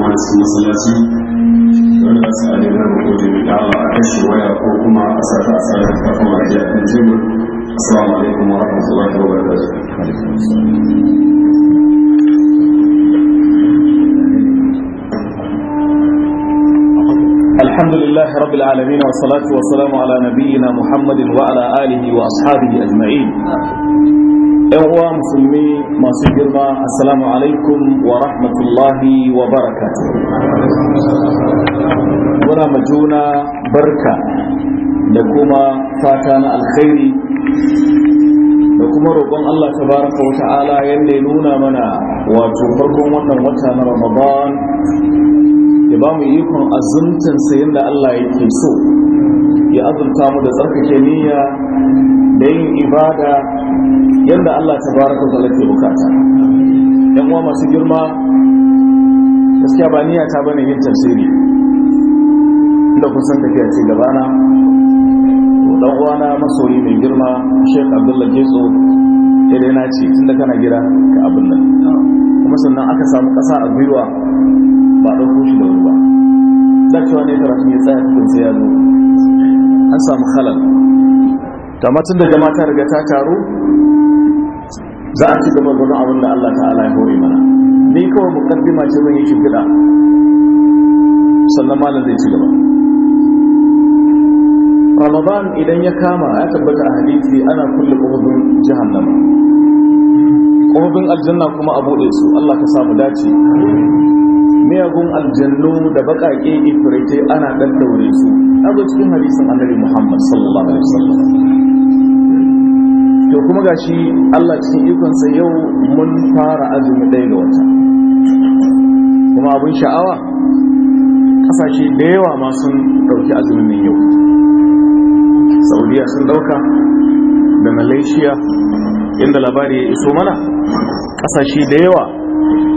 الحمد لله رب العالمين والصلاة والسلام على نبينا محمد وعلى آله وأصحابه أجمعين. الحمد لله رب العالمين والصلاة والسلام على نبينا محمد وعلى آله وأصحابه أجمعين. yan uwa musulmi masu girma assalamu alaikum wa rahmatullahi wa barakatu muna juna barka da kuma fata na alkhairi da kuma roƙon Allah baraka wa ta'ala yadda ya nuna mana wato farkon wannan wata na Ramadan ya ba mu ikon azumtan sayin da Allah yake so ya azurta mu da tsarkake niyya da yin ibada yadda Allah ta baraka da lafiya bukata yan uwa masu girma gaskiya ba niyya ta bane yin tafsiri inda kun san tafiya ce gabana ɗan dan na masoyi mai girma Sheikh Abdullah ya dai na ce da kana gida ka abin nan kuma sannan aka samu kasa a gwiwa ba ɗauko shi da wuri ba ne karatu ya tsaya tukun sai ya zo an samu halal tamatin da jama'a ta riga ta taru za a ci gaba gudun abin da Allah ta'ala ya hori mana ni kawai mukaddima ce zan yi gida sannan malam zai ci gaba ramadan idan ya kama ya tabbata a hadisi ana kulle jihar jahannama ƙofofin aljanna kuma a buɗe su Allah ka samu dace miyagun aljannu da baƙaƙe ifiritai ana ɗaɗɗaure su a cikin hadisin annabi muhammad sallallahu alaihi wasallam to kuma ga shi Allah cikin ikonsa yau mun fara azumi ɗaya ga wata kuma abun sha'awa kasashe da yawa ma sun ɗauki azumin nan yau saudiya sun ɗauka da malaysia inda labari ya iso mana ƙasashe da yawa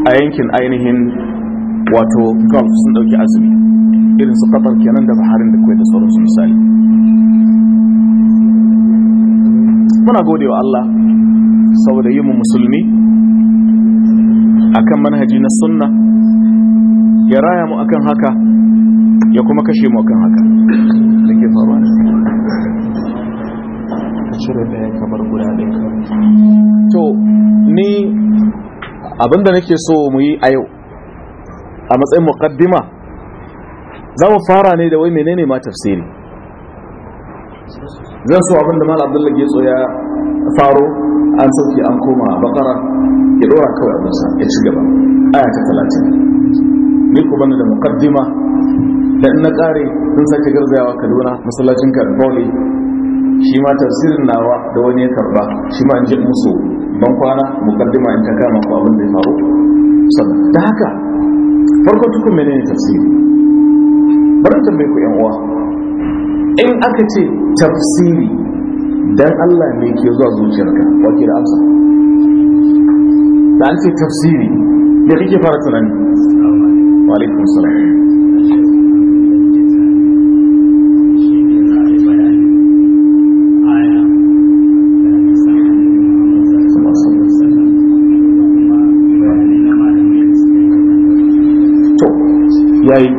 a yankin ainihin wato gulf sun ɗauki azumi irin su qatar kenan da baharin da kuwait da sauransu misali muna gode wa Allah saboda yi mu musulmi akan manhaji na sunna ya raya mu akan haka ya kuma kashe mu akan haka da ke faruwa ka cire ɗaya kamar guda ɗaya to ni abinda nake so mu yi a yau a matsayin muqaddima za mu fara ne da wai menene ma tafsiri zan so abin da malam abdullahi ya tsoya faro an sauke an koma bakara ya dora kawai abinsa ya ci gaba aya ta talatin ni ku bani da muqaddima da in na kare sun sake garzayawa kaduna masallacin karboli shi ma tafsirin nawa da wani ya karba shi ma in ji musu ban kwana muqaddima in ta kama ku abin da ya faru sannan da haka farko tukun menene tafsiri bari tambaye ku yan uwa in aka ce tafsiri dan Allah ne ke zuwa zuciyarka wake da amsa da an ce tafsiri da kike fara tunani wa alaikum salam yayi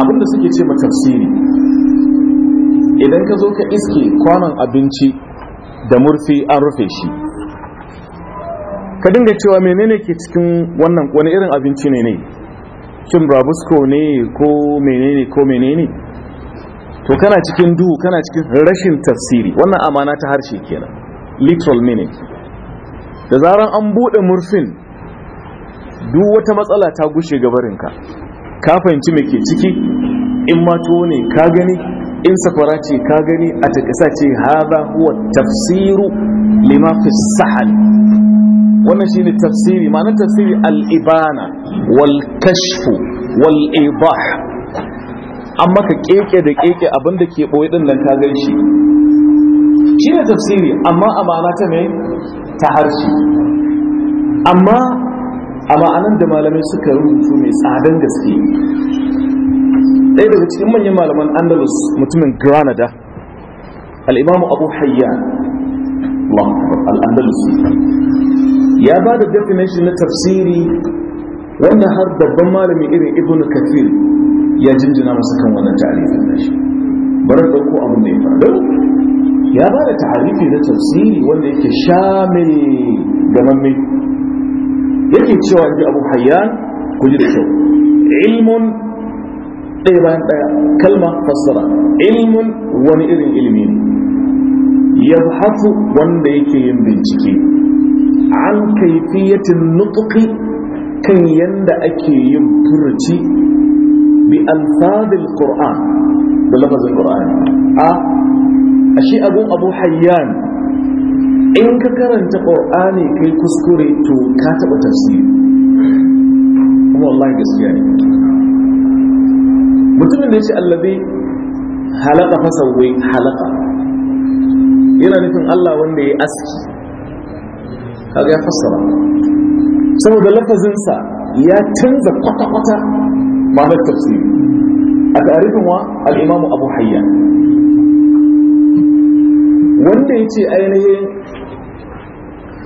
abinda suke ce ma tafsiri idan ka zo ka iske kwanon abinci da murfi an rufe shi ka dinga cewa menene ke cikin wannan wani irin abinci ne ne cin brabusko ne ko menene ko menene to kana cikin duhu kana cikin rashin tafsiri wannan amana ta harshe kenan literal meaning da zaran an bude murfin duk wata matsala ta gushe gabarinka ka fahimci me ke ciki in ma ne ka gani in safara ce ka gani a takasa ce haza huwa tafsiru lima fi sahal wannan ne tafsiri ma'anar tafsiri al'ibana. wal kashfu wal idah amma ka keke da keke abinda ke boye din nan ka gan shi ne tafsiri amma amana ta me ta harshe amma a ma'anar da malamai suka rubutu mai tsadan gaske ɗaya daga cikin manyan malaman andalus mutumin granada al'imamu abu hayyan al'andalus ya ba da definition na tafsiri wanda har babban malami irin ibn kafir ya jinjina masa kan wannan ta'arifin nashi bari da ko abu mai faru ya ba da ta'arifi na tafsiri wanda yake shamil gamamme yake cewa ji abu hayyan ku ji da kyau ilmun ɗaya bayan ɗaya kalma fassara ilmin wani irin ilmi ne ya wanda yake yin bincike an kaifiyatin nutuki kan yanda ake yin furuci bi alfadil qur'an da lafazin qur'an a shi abun abu hayyan in ka karanta qur'ani kai kuskure to ka taba tafsiri kuma wallahi gaskiya ne mutumin da ya ce allazi halaka fasawai halaka yana nufin Allah wanda ya aski kaga ya fassara saboda lafazinsa ya canza kwata-kwata ma'anar tafsiri a tarihin wa al'imamu abu hayya wanda ya ce ainihin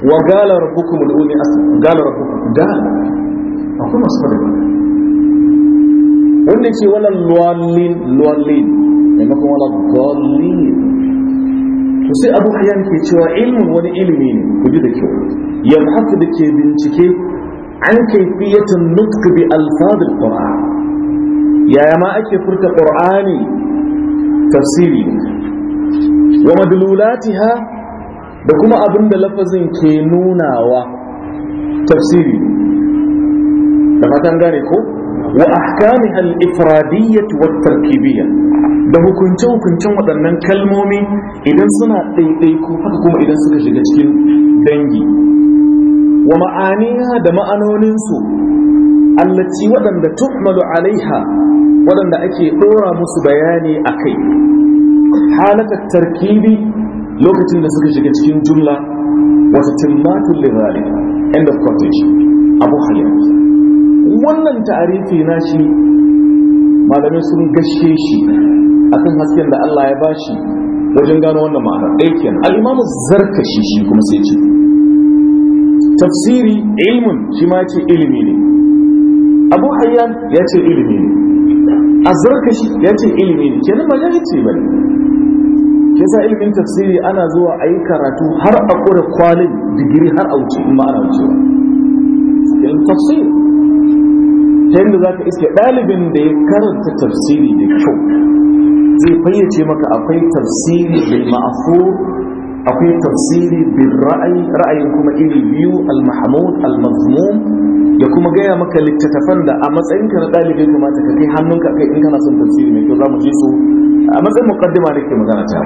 wa gala rabbukum al'uni asa, gala rabbukum gala akwai masu faɗi wanda ce wala luwallin luwallin maimakon wala dallin to sai abu hayyan ke cewa ilmin wani ilimi ne ku ji da kyau yamhaku da ke bincike an kaifiyatin nutq bi alfadil qur'an yaya ma ake furta qur'ani tafsiri wa madlulatiha da kuma abin da lafazin ke nunawa tafsiri da fatan gane ko wa ahkamiha al-ifradiyyah wa da hukunce hukuncin waɗannan kalmomi idan suna ɗaiɗaiku haka kuma idan suka shiga cikin dangi wa ma'aniha da ma'anoninsu allaci waɗanda tuhmalu alaiha waɗanda ake ɗora musu bayani a kai halatar tarkibi lokacin da suka shiga cikin jumla wata timmatul lirari end of quotation abu hayyar wannan ta'arifi na shi malamai sun gashe shi akan hasken da Allah ya bashi wajen gano wannan ma'anar aikin al zarka shi, shi kuma sai ce tafsiri ilmin shi ma ce ilimi ne abu hayyan ya ce ilimi ne A zarka shi ya ce ilimi ne kenan ba ya ce bane sa ilimin tafsiri ana zuwa a yi karatu har a kura kwalin digiri har a wuce in ma'ana ba ilimin tafsiri ta yadda za ka iske ɗalibin da ya karanta tafsiri da kyau zai fayyace maka akwai tafsiri bil ma'afu akwai tafsiri bil ra'ayi ra'ayin kuma iri biyu al-mahmud al-mazmum ya kuma gaya maka littattafan da a matsayin ka na ɗalibin kamata ka kai hannunka kai in kana son tafsiri mai kyau za mu ji su a matsayin muqaddima da ke magana ta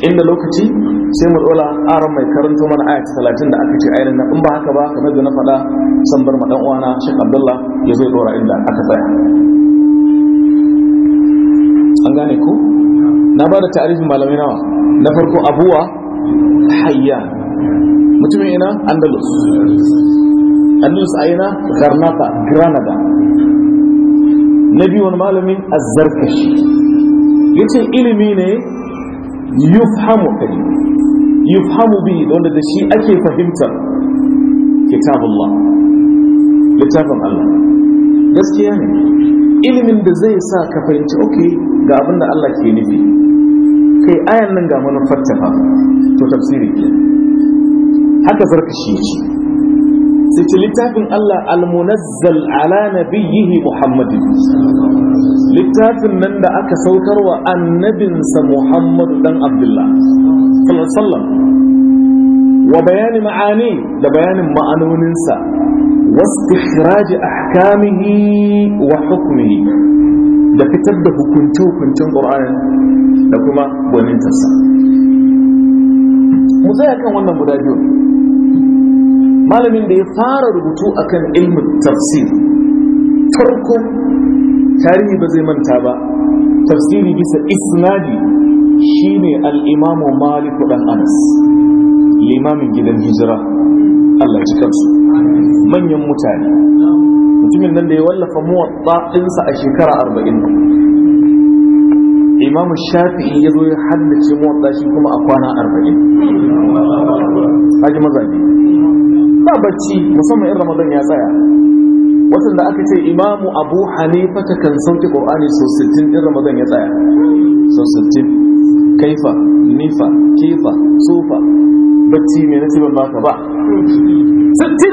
inda lokaci sai mu dola aran mai karanto mana aya 30 da aka ce ayin nan in ba haka ba kamar da na faɗa san bar ma uwana Sheikh Abdullah ya zo dora inda aka tsaya an gane ku? na bada ta'arifin malamai nawa na farko abuwa hayya mutumin ina andalus andalus a garnata granada na biyu wani malamin azzarkashi ya ce ilimi ne yufhamu kai yufhamu bi wanda da shi ake fahimta kitabullah littafin Allah gaskiya ne ilimin da zai sa ka fahimci okay ga abin da Allah ke nufi kai ayan nan ga manufar ta fa to tafsiri ke haka shi ce sai littafin Allah al-munazzal ala nabiyhi Muhammadin littafin nan da aka saukarwa annabinsa muhammadu dan abdullah sallallahu wa bayani ma'ani da bayanin ma'anoninsa واستخراج أحكامه وحكمه da fitar da hukunce-hukuncen ƙur'anin da kuma gwanintarsa mu zai kan wannan guda biyu malamin da ya fara rubutu akan ilmin tafsir farko tarihi ba zai manta ba tafsiri bisa isnadi shine al-imamu malik dan anas limamin gidan hijira Allah ji kansu manyan mutane mutumin nan da ya wallafa muwatta ɗinsa a shekara arba'in imam shafi'i ya zo ya haddace muwatta shi kuma a kwana arba'in haji mazaje ba bacci musamman in ramadan ya tsaya watan da aka ce imamu abu hanifa ta kan sauke ƙorani, so 60 in ramadan ya tsaya so 60 kaifa nifa kefa, tsofa bacci mai na ban baka ba 60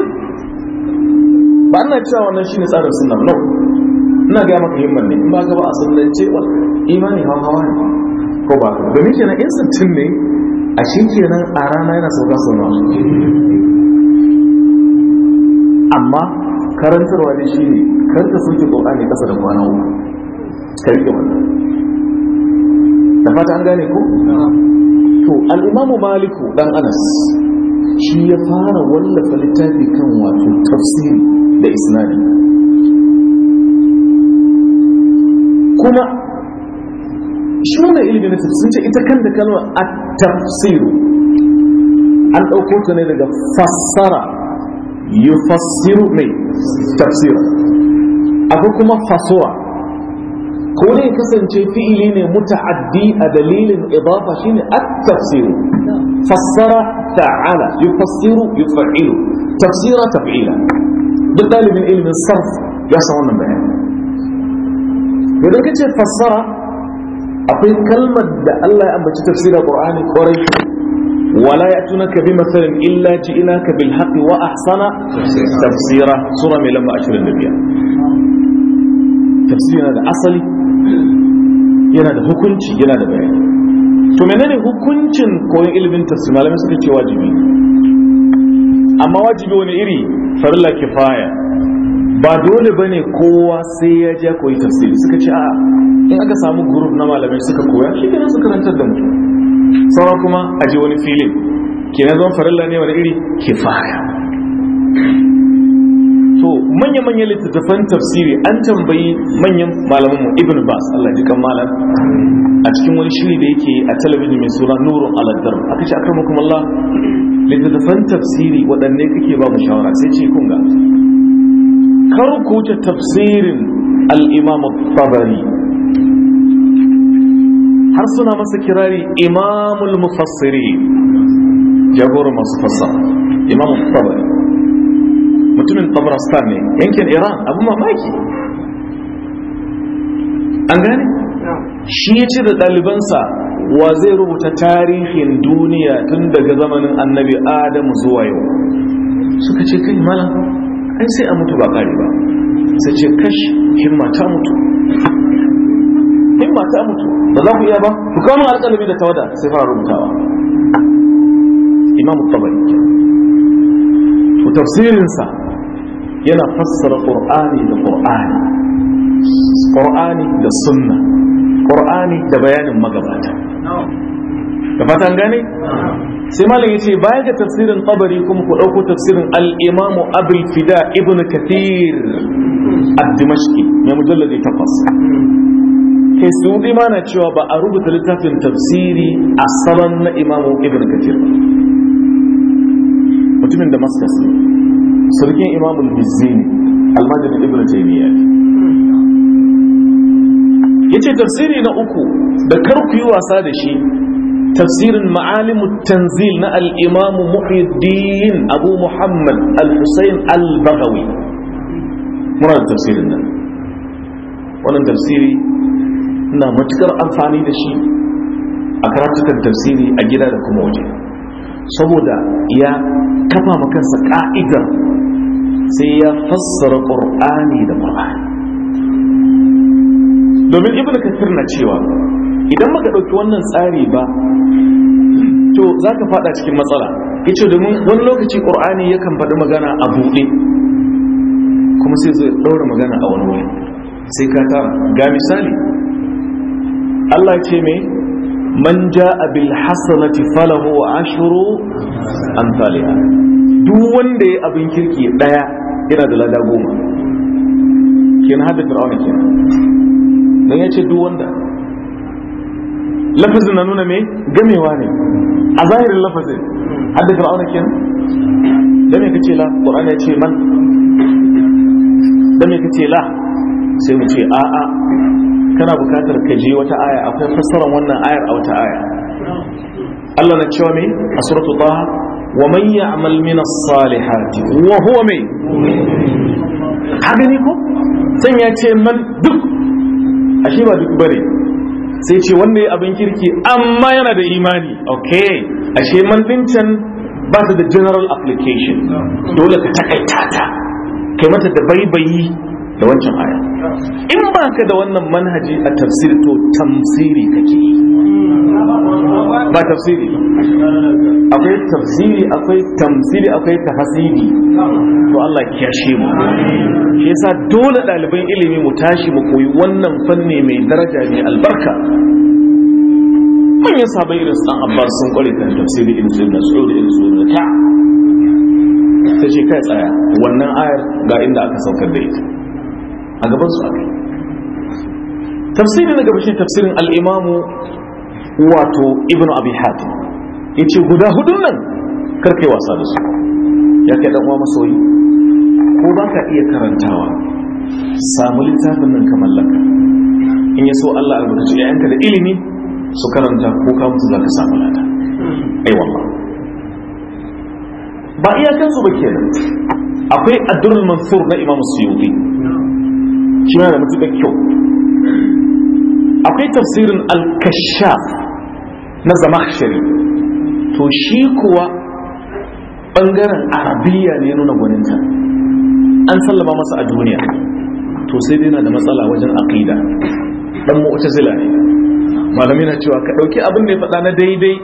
ba ina cewa wannan shi ne tsarin suna no ina gaya maka himman ne in ba ka ba a sunnance wa imani hawa hawa ne ko ba ka domin kenan in 60 ne a shi kenan a rana yana sauka sauka amma karantarwa ne shi ne karka soke ƙorani ƙasa da kwana uku ka riƙe wannan da fata an gane ku? to al'imamu maliku ɗan anas shi ya fara wallafa littafi kan wato tafsiri da isnadi kuma shi wannan ilimin sun ce ita kan da kalmar a tafsiru an ɗauko ta ne daga fassara yufassiru mai tafsira akwai kuma fasura ko ne kasance fi'ili ne muta'addi a dalilin idafa shine at tafsiru fassara ta'ala yufassiru yuf'ilu tafsira taf'ila duk dalibin ilmin sarf ya san wannan bayani idan kace fassara akwai kalmar da Allah ya ambaci tafsirar Qur'ani kwarai ولا يأتونك بمثل إلا جئناك بالحق وأحسن تفسيرا سورة من لما أشهر النبي تفسيرا هذا أصلي ينادى هكونش ينادى بيان to menene hukuncin koyon ilimin tafsir malamai suka ce wajibi amma wajibi wani iri farilla kifaya ba dole ba ne kowa sai ya ja koyi tafsiri suka ce a in aka samu guruf na malamai suka koya shi da mu hawa kuma a wani filin kenan zon farilla ne wani iri kifaya to manya manya littattafan tafsiri an tambayi manyan malamanmu ibn bas Allah ji kan malam a cikin wani shiri da yake a talabijin mai suna nurun aladar aka ce akan hukum Allah littattafan tafsiri waɗanne kake ba mu shawara sai ce kunga kar ku wuce tafsirin al-imam tabari har suna masa kirari imamul mufassiri jagor masu fasa imamul tabari mutumin tabarastan ne yankin iran abu mamaki an gane shi ya ce da ɗalibansa wa zai rubuta tarihin duniya tun daga zamanin annabi adamu zuwa yau suka ce kai malam ai sai a mutu ba kare ba sai ce kash himma ta mutu himma ta mutu ba za ku iya ba ku kawo alƙalami da tawada sai fara rubutawa imamu tabari ku tafsirinsa yana fassara ƙur'ani da ƙur'ani ƙur'ani da sunna ƙur'ani da bayanin magabata da fatan gane sai malam ce bayan ga tafsirin tabari kuma ku ɗauko tafsirin al-imam abul fida ibn kathir ad-dimashqi mai mujalladi takwas kai sudi ma na cewa ba a rubuta littafin tafsiri a salon na imamu ibn kathir mutumin damascus ne sarkin imamul bizini almajid ibn Ya ce tafsiri na uku da karku yi wasa da shi tafsirin ma'alimu tanzil na al-imam muhyiddin abu muhammad al-husayn al-baghawi muna da tafsirin nan wannan tafsiri na matukar amfani da shi a karatukan tafsiri a gida da kuma waje saboda ya kafa makansa ka'idar sai ya fassara ƙur'ani da ƙur'ani domin ibn kathir na cewa idan maka ɗauki wannan tsari ba to za ka fada cikin matsala yace domin wani lokaci ƙur'ani yakan faɗi magana a buɗe kuma sai zai ɗaura magana a wani wuri sai ka tara ga misali Allah ya ce me man ja'a bil hasanati falahu ashru amsalha duk wanda ya abin kirki daya yana da lada goma kin hada fir'auna kenan ya ce duk wanda lafazin na nuna me gamewa ne a zahirin lafazin hada fir'auna kenan da me kace la qur'ani ya ce man da me kace la sai mu ce a'a kana bukatar ka je wata aya akwai fassarar wannan ayar a wata aya Allah na cewa me a suratul taha wa man ya'mal min as-salihati wa huwa mai hagani ko sai ya ce man duk ashe ba duk bare sai ce wanda ya abin kirki amma yana da imani okay ashe man can ba da general application dole ka takaita ta kai mata da baibayi da wancan aya in ba ka da wannan manhaji a tafsir to tamsiri kake yi ba tafsiri akwai tafsiri akwai tamsiri akwai tahasiri to Allah ya kiyashe mu shi yasa dole ɗaliban ilimi mu tashi mu koyi wannan fanni mai daraja mai albarka manyan sabon irin san abbas sun kware ta tafsiri irin su ibn sa'ud irin su ibn ta ce kai tsaya wannan ayar ga inda aka saukar da ita a gaban su akai Tafsirin na gaba tafsirin al'imamu wato ibnu abi hatim ya ce guda hudun nan karka yi wasa da su ya kai ɗan uwa masoyi ko ba ka iya karantawa samu littafin nan ka mallaka in ya so Allah albarkaci yayanka da ilimi su karanta ko ka mutu zaka samu lada ai wallah ba iya kansu ba kenan akwai addurul mansur na imam suyuti shi yana da matuƙar kyau akwai tafsirin al na na zamakshari to shi kuwa ɓangaren arabiya ne nuna gwaninta an sallama masa a duniya to sai dai na da matsala wajen aqida dan mu'tazila ne malami na cewa ka ɗauki abin da ya faɗa na daidai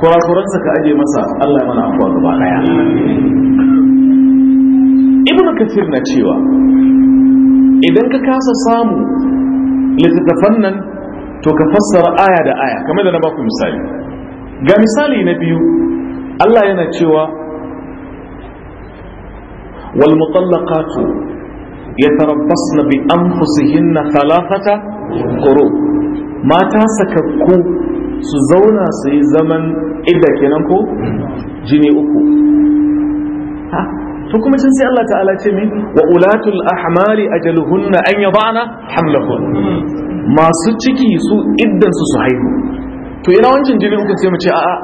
kurakuransa ka aje masa Allah ya mana afuwa gaba ɗaya. ibn kasir na cewa idan ka kasa samu littattafan nan to ka fassara aya da aya kamar da na baku misali ga misali na biyu Allah yana cewa wal mutallaqatu yatarabbasna bi anfusihinna thalathata quru mata sakakku su zauna su yi zaman idda kenan ko jini uku ha to kuma can sai Allah ta'ala ce min wa ulatul ahmali ajaluhunna an yadana hamlakun masu ciki su iddan su su haihu to ina wancan jini kuka sai mu ce a'a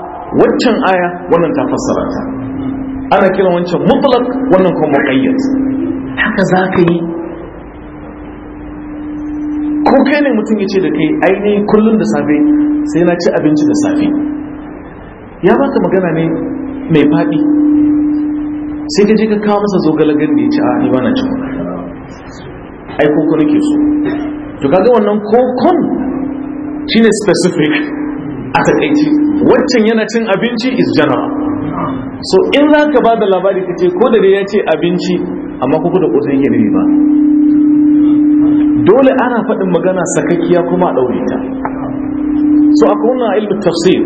waccan aya wannan ta fassara ta ana kiran wancan mutlaq wannan kuma muqayyad haka zaka yi ko kai ne mutum yace da kai ainihin kullum da safe sai na ci abinci da safe ya baka magana ne mai faɗi sai ka je ka kawo masa zogale da ya ci a ni ba na ci ai koko nake so to kaga wannan kokon shine specific a takaici waccan yana cin abinci is general so in za ka ba da labari ka ce ko da dai ya ce abinci amma koko da kusa yake ne ba dole ana faɗin magana sakakkiya kuma a ɗaure ta so a kuna ilmin tafsir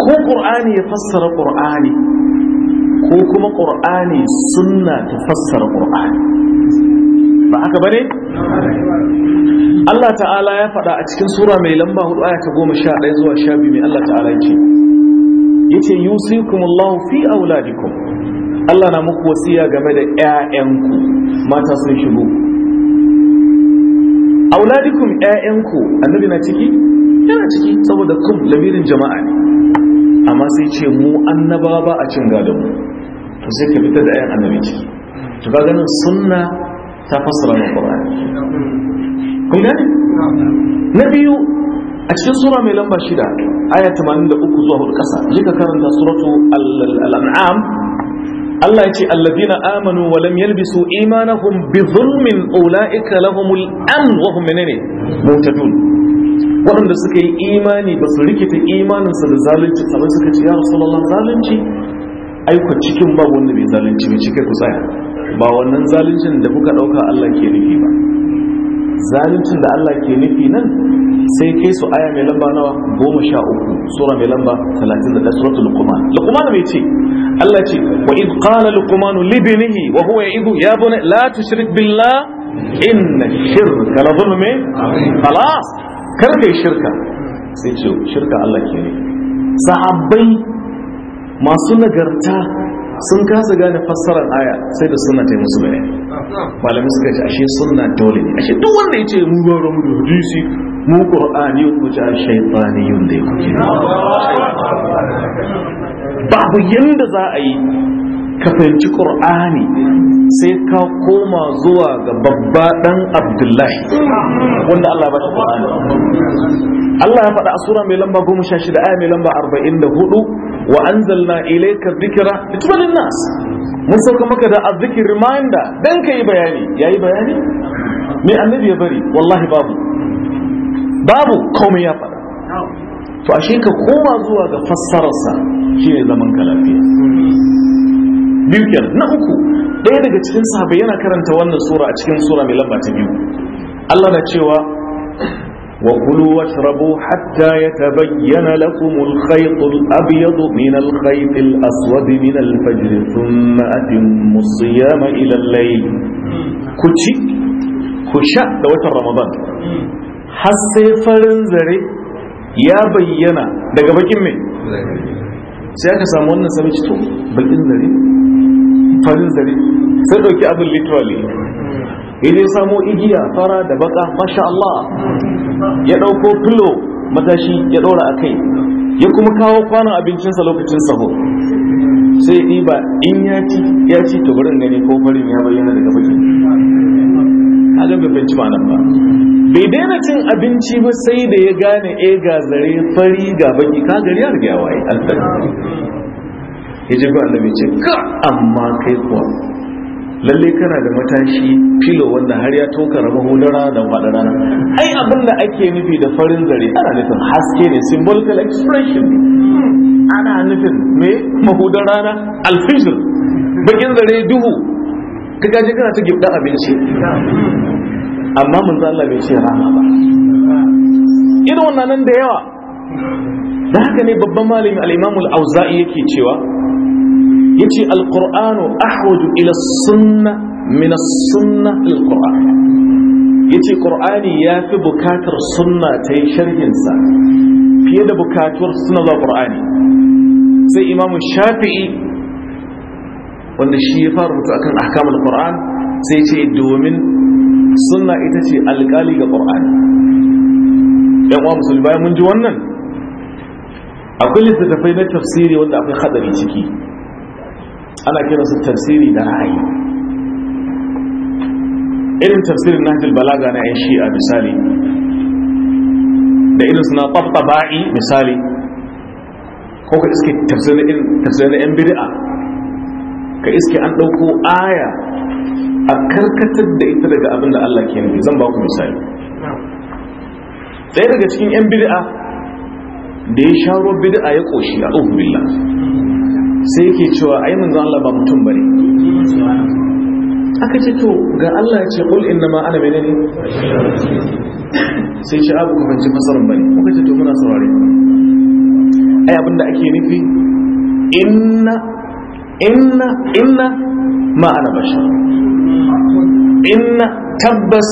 ko ƙur'ani ya fassara ƙur'ani ko kuma ƙur'ani sunna ta fassara ƙur'ani ba haka ba ne? Allah ta'ala ya faɗa a cikin sura mai lamba hudu aya ta goma sha ɗaya zuwa sha biyu mai Allah ta'ala ce yace Allah fi auladikum Allah na muku wasiya game da ƴaƴanku mata sun shigo auladikum ƴaƴanku annabi na ciki yana ciki saboda kum lamirin jama'a ne amma sai ce mu annaba ba a cin gadon mu to sai ka fitar da ayan annabi ciki to ka ganin sunna ta fassara na qur'ani kun gane na biyu a cikin sura mai lamba shida aya 83 zuwa hudu kasa je ka karanta suratu al-an'am Allah ya ce alladina amanu wa lam yalbisu imanahum bi zulmin ulaika lahumul amn wa hum menene mutadun waɗanda suka yi imani ba su rikita imaninsa da zalunci sannan suka ce ya rasulullah zalunci aiko cikin babu wanda bai zalunci bai cike ku tsaya ba wannan zaluncin da kuka ɗauka Allah ke nufi ba zaluncin da Allah ke nufi nan sai kai su aya mai lamba nawa goma sha uku sura mai lamba talatin da ta luqman luqman mai ce Allah ce wa in qala luqman li binihi wa huwa ya'idu ya bani la tushrik billa inna shirka la zulmi khalas kar kai shirka sai ce shirka Allah ke nufi sahabbai masu nagarta sun kasa gane fassarar aya sai da suna ta yi musu bane malamin suka ce ashe sunna dole ne ashe duk wanda ya ce mu ba mu da hadisi mu qur'ani ku ja shaytani yun da kuke? babu yanda za a yi ka fahimci qur'ani sai ka koma zuwa ga babba dan abdullahi wanda Allah ya bashi qur'ani Allah ya faɗa a sura mai lamba 16 aya mai lamba 44 wa anzalna ilayka dhikra litubayyana nas mun sauka maka da azzikir reminder dan kai bayani yayi bayani me annabi ya bari wallahi babu babu komai ya faɗa to ashe ka koma zuwa ga fassararsa shine zaman kalafi. biyu na uku ɗaya daga cikin sahabai yana karanta wannan sura a cikin sura mai lamba ta biyu Allah na cewa وكلوا واشربوا حتى يتبين لكم الخيط الأبيض من الخيط الأسود من الفجر ثم أتموا الصيام إلى الليل كتشي كشاء دوات رمضان حسي فرنزري يا بينا daga bakin me sai aka samu wannan sabici to bal din zare farin zare sai dauki abin literally ya samo igiya fara da baka masha Allah ya ɗauko filo matashi ya ɗora a kai ya kuma kawo kwanan abincinsa lokacin saho sai ya ɗiba in ya ci ya ci to barin gani ko farin ya bayyana daga baki hagan bai fahimci nan ba bai daina cin abinci ba sai da ya gane e ga zare fari ga baki ka gari ya ga waye alfar ya je ga annabi ce ka amma kai kuwa lalle kana da matashi filo wanda har ya toka rama hudun da fadara ai abin da ake nufi da farin zare ana nufin haske ne symbolical expression hmm. ana nufin me mahudara na alfijir bakin zare duhu ka gaji kana ta gibda abinci hmm. amma mun Allah bai ce rana ba irin wannan nan da yawa da haka ne babban malami al-imamul auza'i yake cewa yace alkur'anu ahudu ila sunna min as-sunna lil qur'an yace ya fi bukatar sunna ta yi fiye da bukatuwar suna da sai imamu shafi'i wanda shi ya fara mutu akan ahkamar ƙur'an, sai ce domin sunna ita ce alƙali ga ƙur'ani yan uwa musulmi bayan mun ji wannan akwai littattafai na tafsiri wanda akwai haɗari ciki ana su tafsiri da ra'ayi irin tafsirin nahjul balaga na yan shi'a misali da irin suna tsaftaba'i misali ko ka iske tafsirin yan bid'a ka iske an ɗauko aya a karkatar da ita daga abinda da Allah ke nufi zan ba ku misali ɗaya daga cikin yan bid'a da ya sha ruwan bid'a ya ƙoshi a billah sai yake cewa ai manzon Allah ba mutum bane aka ce to ga Allah ya ce qul inna ma ana menene sai shi abu kuma ji masaran bane kuka ce to muna saurare ai abinda ake nufi inna inna inna ma ana bashar inna tabbas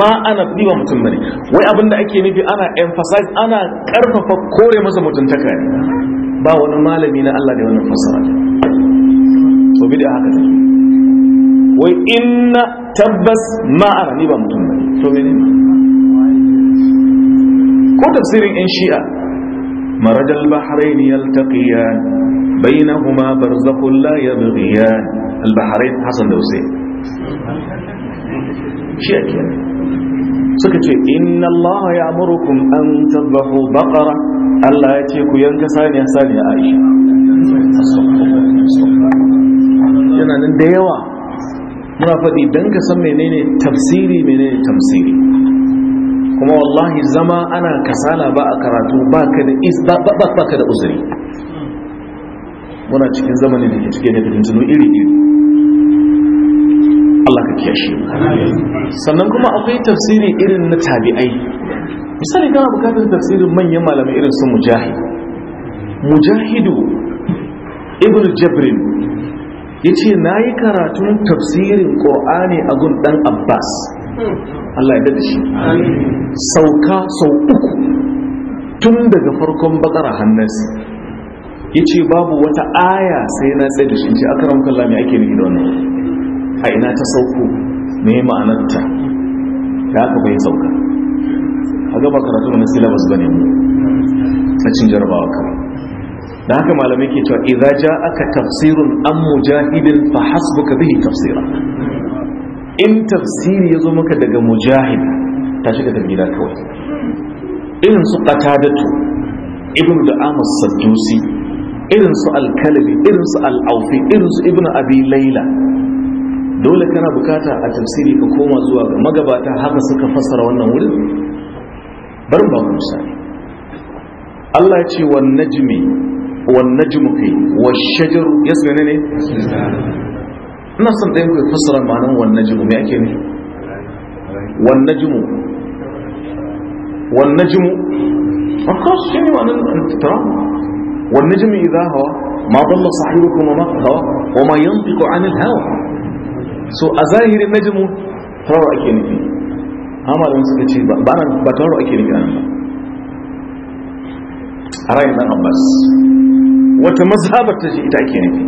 ma ana ni wa mutum bane wai abinda ake nufi ana emphasize ana karfafa kore masa mutuntaka ne ba wani malami na Allah da wannan fassara to bi da haka take wai inna tabbas ma'ar ni ba mutum bane to ko tafsirin in shi'a marajal bahrain yaltaqiyan bainahuma barzakhun la yabghiyan al-bahrain hasan da husayn shi'a kenan suka ce inna allaha ya'murukum an tadhbahu Allah ya ce ku yanka saniya saniya Aisha yana nan da yawa muna faɗi don ka san menene tafsiri menene tafsiri kuma wallahi zama ana kasala ba a karatu ba ka da uzuri muna cikin zamani da ke cike da fitintunu iri iri Allah ka kiyashe sannan kuma akwai tafsiri irin na tabi'ai misali kana bukatar tafsirin manyan malamai irin su mujahid mujahidu ibn jabrin ya ce na karatun tafsirin ƙor'ani a gun ɗan abbas allah ya dade shi sauka sau uku tun daga farkon bakara hannunsa ya ce babu wata aya sai na tsaye da shi ce aka ramkan lami ake nufi da wannan a ina ta sauko me ma'anarta Ya aka bai sauka kaga ba karatu na syllabus bane na cin jarabawa kawai da haka malamai ke cewa idza ja'aka tafsirun am mujahidin fa hasbuka bihi tafsira in tafsiri yazo maka daga mujahid ta shiga da gida kawai irin su qatadatu ibnu da amas saddusi irin su al-kalbi irin su al-aufi irin su ibnu abi layla dole kana bukata a tafsiri ka koma zuwa ga magabata haka suka fassara wannan wurin bari ba mu misali Allah ce wa najmi wa najmu kai wash shajaru yasa ne ne ina son ɗayan ku fassara ma'anar wa najmu me ake ne Wa najmu wa najmu of course shi ne ma'anar tattara Wa najmi idha hawa ma dalla sahibukum wa ma hawa wa ma yantiqu anil hawa so a zahirin najmu tawa ake nufi hamarin suka ce ba nan ba taro ake nufi nan ba a rayu ɗan abbas wata mazhabar ta ce ita ake nufi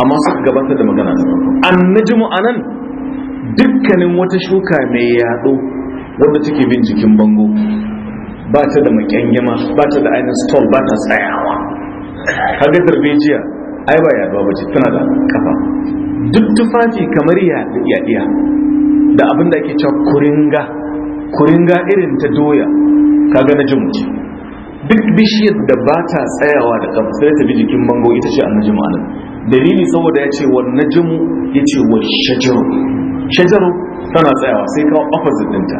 amma suka gabatar da magana ta an najmu anan dukkanin wata shuka mai yado wadda take bin jikin bango ba ta da makyangyama ba ta da ainihin stall ba ta tsayawa kaga darbejiya ai ba yaduwa ba ce tana da kafa duk tufafi kamar yaɗiya iya da abin da ake cewa kuringa kuringa irin ta doya kaga na jumuci duk bishiyar da ba ta tsayawa da kafa sai ta bi jikin bango ita ce annaji ma'anar dalili saboda ya ce wa najimu ya ce wa shajaru shajaru tana tsayawa sai kawo opposite ɗinta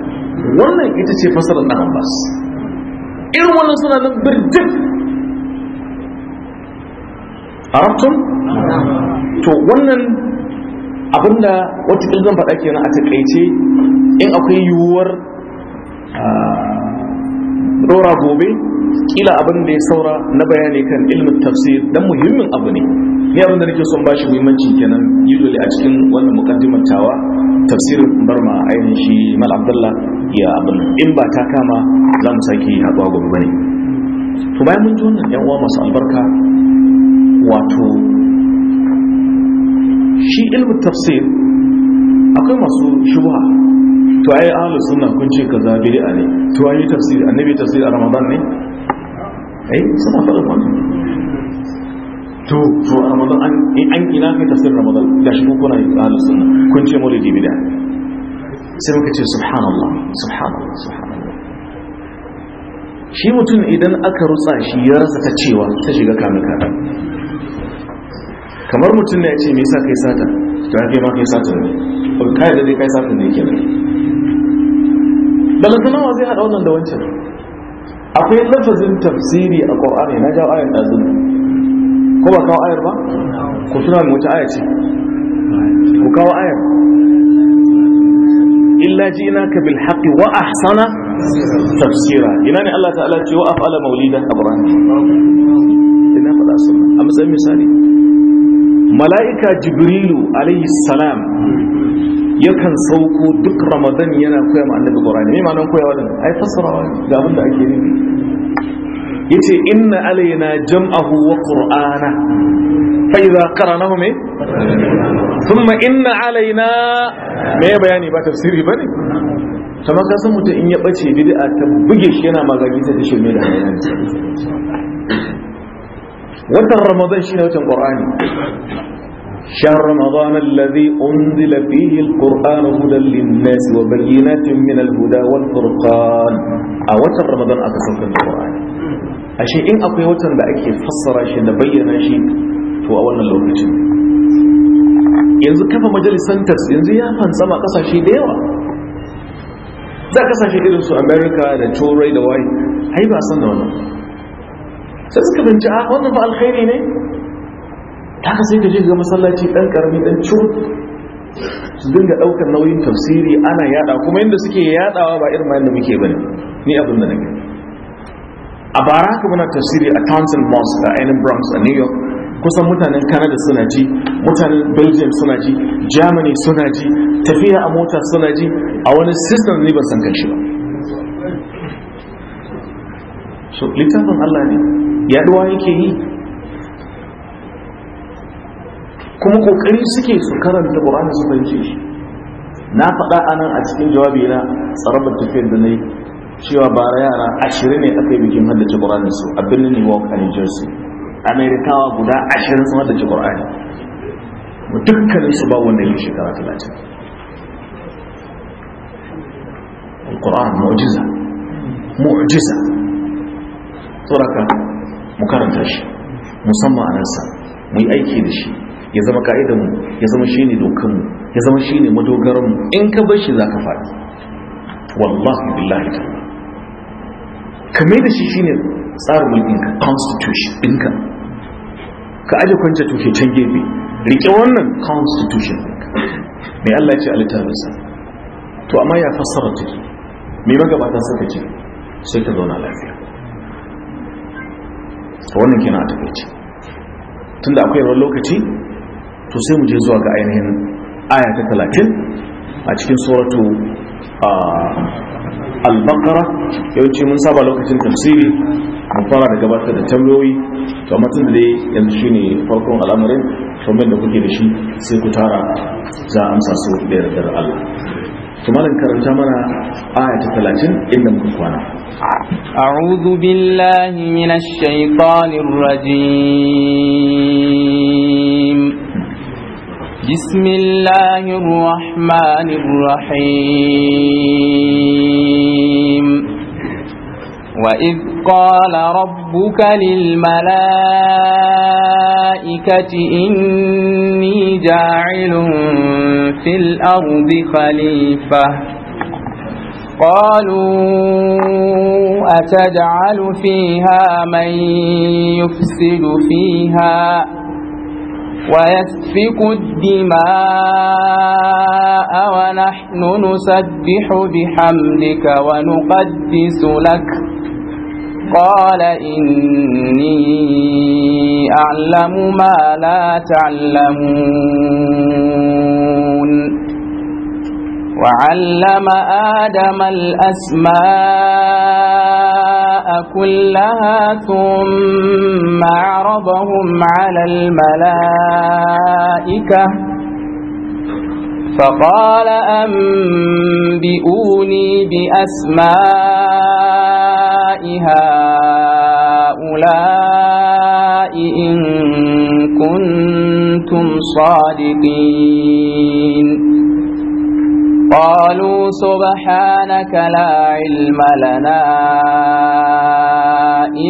wannan ita ce fasarar na abbas irin wannan suna nan birjin a to wannan abinda wata zan faɗa kenan a takaice in akwai yiwuwar ɗora gobe ƙila abin da ya saura na bayani kan ilmin tafsir don muhimmin abu ne ni abin da nake son bashi muhimmanci kenan yi a cikin wannan mukaddimar tawa bar barma ainihin shi mal abdullah ya abin in ba ta kama za mu sake haɗuwa gobe ne. to bayan mun ji wannan yan uwa masu albarka wato shi ilmin tafsir akwai masu shubha to ai ahlus sunna kun ce kaza bid'a ne to ai tafsir annabi tafsir a ramadan ne ai eh, suna faɗin wannan to to a ramadan an an ina kai tafsir ramadan da shi kuna yi ahlus sunna kun ce maulidi bid'a sai muka ce subhanallah subhanallah subhanallah shi mutum idan aka rutsa shi ya rasa ta cewa ta shiga kamin kamin kamar mutum ne ya ce me yasa kai sata to ya haka ma kai sata ne ko kai da zai kai sata ne ke? balantana wa zai hada wannan da wancan akwai lafazin tafsiri a qur'ani na jawo ayar dazun ko ba kawo ayar ba ku tuna mu wata aya ce ku kawo ayar illa ji'naka bil haƙi. wa ahsana tafsira ina ne Allah ta'ala ce wa af'ala maulida a abrahim ina fada sunna a matsayin misali mala'ika jibrilu alayhi salam yakan sauko duk ramadan yana koya ma annabi qur'ani me ma'anar koya din ai fassarawa ga abin da ake nufi yace inna alaina jam'ahu wa qur'ana fa idza qara'nahu me thumma inna alaina me bayani ba tafsiri bane kamar ka san mutum in ya bace bid'a ta buge shi yana magagi ta shirme da hayani watan ramadan shine watan qur'ani شهر رمضان الذي أنزل فيه القرآن هدى للناس وبينات من الهدى والفرقان أوتر رمضان Ashe in akwai watan da ake fassara shi فسر bayyana shi to a wannan lokacin. yanzu kafa majalisar tas yanzu ya fansama kasashe da yawa za kasashe irin su america da turai da waye san da wannan sai suka binci a ah, wannan ba alkhairi ne ta ka sai ka ji ga masallaci ɗan ƙarami ɗan cur su dinga ɗaukar nauyin tafsiri ana yada kuma yadda suke yadawa ba irin mayan da muke bane ni abin da na a bara haka muna tafsiri a townsend mosque a ainihin bronx a new york kusan mutanen canada suna ji mutanen belgium suna ji germany suna ji tafiya a mota suna ji a wani system ne ba san kan shi ba so littafin Allah ne yaduwa yake yi kuma kokari suke su karanta Qur'ani su fahimce shi na faɗa anan a cikin jawabi na tsarabar tafiyar da na yi cewa bara yara ashirin ne aka yi bikin haddace Qur'ani su a birnin New York a New Jersey Amerikawa guda ashirin sun haddace Qur'ani dukkanin su ba wanda yi shekara talatin Al-Qur'an mu'jiza mu'jiza tsoraka mu karanta shi musamman a nasa mu yi aiki da shi ya zama ka'idanmu ya zama shi ne dokanmu ya zama shi ne madogaranmu in ka bar shi za ka faɗi wallahi billahi ta kame da shi shi ne tsarin mulkinka constitution ɗinka ka aje kwanci tuke can gefe riƙe wannan constitution ɗinka mai Allah ya ce a littafinsa to amma ya fassara tuki mai magabatan suka ce sai ka zauna lafiya to wannan kina ta kai tunda akwai yawan lokaci to sai mu je zuwa ga ainihin aya ta 30 a cikin suratu al-baqara yawanci mun saba lokacin tafsiri mu fara da gabatar da tambayoyi to amma da dai yanzu shine farkon al'amarin tambayar da kuke da shi sai ku tara za a amsa su da yardar Allah kuma karanta mana aya ta talatin inda muka kwana. A'udhu billahi minash shaitanir rajim. Bismillahir وَإِذْ قَالَ رَبُّكَ لِلْمَلَائِكَةِ إِنِّي جَاعِلٌ فِي الْأَرْضِ خَلِيفَةً قَالُوا أَتَجْعَلُ فِيهَا مَن يُفْسِدُ فِيهَا ويسفك الدماء ونحن نسبح بحمدك ونقدس لك قال إني أعلم ما لا تعلمون وعلم آدم الأسماء كلها ثم عرضهم على الملائكة فقال أنبئوني بأسماء هؤلاء إن كنتم صادقين قالوا سبحانك لا علم لنا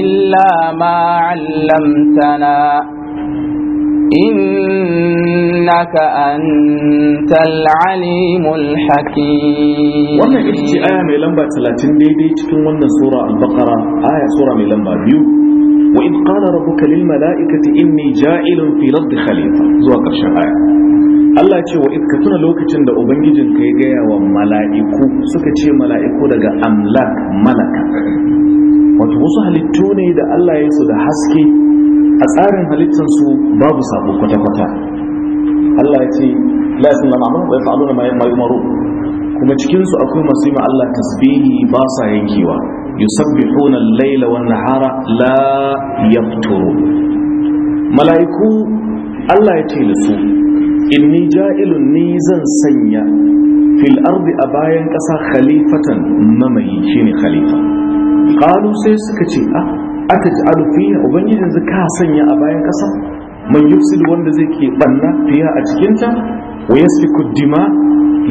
إلا ما علمتنا إنك أنت العليم الحكيم وانا اتجي آية ملنبا تلاتين دي دي تكون وانا سورة البقرة آية سورة ملنبا بيو وإذ قال ربك للملائكة إني جائل في لض خليفة زوا قرش Allah ce wa iska tuna lokacin da ubangijin ka ya gaya wa mala'iku suka ce mala'iku daga amlak malaka wato wasu halittu ne da Allah ya su da haske a tsarin halittansu babu sabo kwata-kwata Allah ya ce la yasin lamarin ya fa'alu na mayan mayumaru kuma cikinsu akwai masu yi Allah tasbihi ba sa yankewa yusabbihuna laila nahara la yafturu mala'iku Allah ya ce da su inni ja'ilun ni zan sanya fil ardi a bayan ƙasa khalifatan mamayi shine khalifa qalu sai suka ce a aka ji ubangiji yanzu ka sanya a bayan ƙasa man yufsid wanda zai ke banna fiya a cikin ta wa yasfiku dima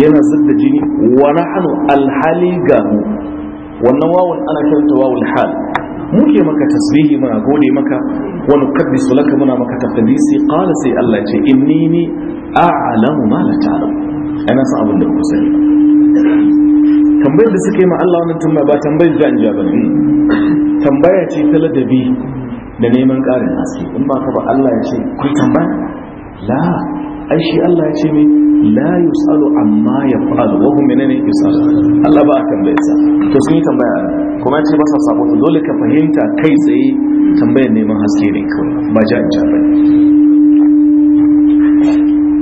yana zidda jini wa nahnu alhali ga mu wannan wawan ana kiranta wawul hal muke maka tasbihi muna gode maka wa nuqaddisu laka muna maka taqdisi qala sai Allah ce inni ni a'lamu ma la ta'lam ana san abin da ku sani tambayar da suka yi ma Allah wannan tambaya ba tambayar da anja ne? tambaya ce ta ladabi da neman ƙarin asiri in ba ka ba Allah ya ce ku tambaya la ai shi Allah ya ce me la yusalu amma ya fa'alu wa hum menene yusalu Allah ba a tambaye sa to sun yi tambaya kuma ce ba sa sabo dole ka fahimta kai tsaye tambayar neman haske ne kawai ba ja in ja ne?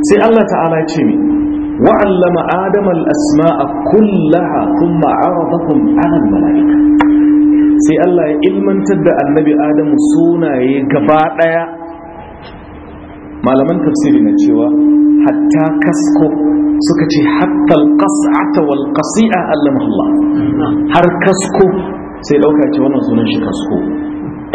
sai Allah ta'ala ce mi wa'allama adama al'asma'a kullaha kuma arabakun alal mala'ika sai Allah ya ilmantar da annabi adamu sunaye gaba ɗaya malaman tafsiri na cewa hatta kasko suka ce hatta alƙas'ata wal ƙasi'a allama har kasko sai ɗauka ce wannan sunan shi kasko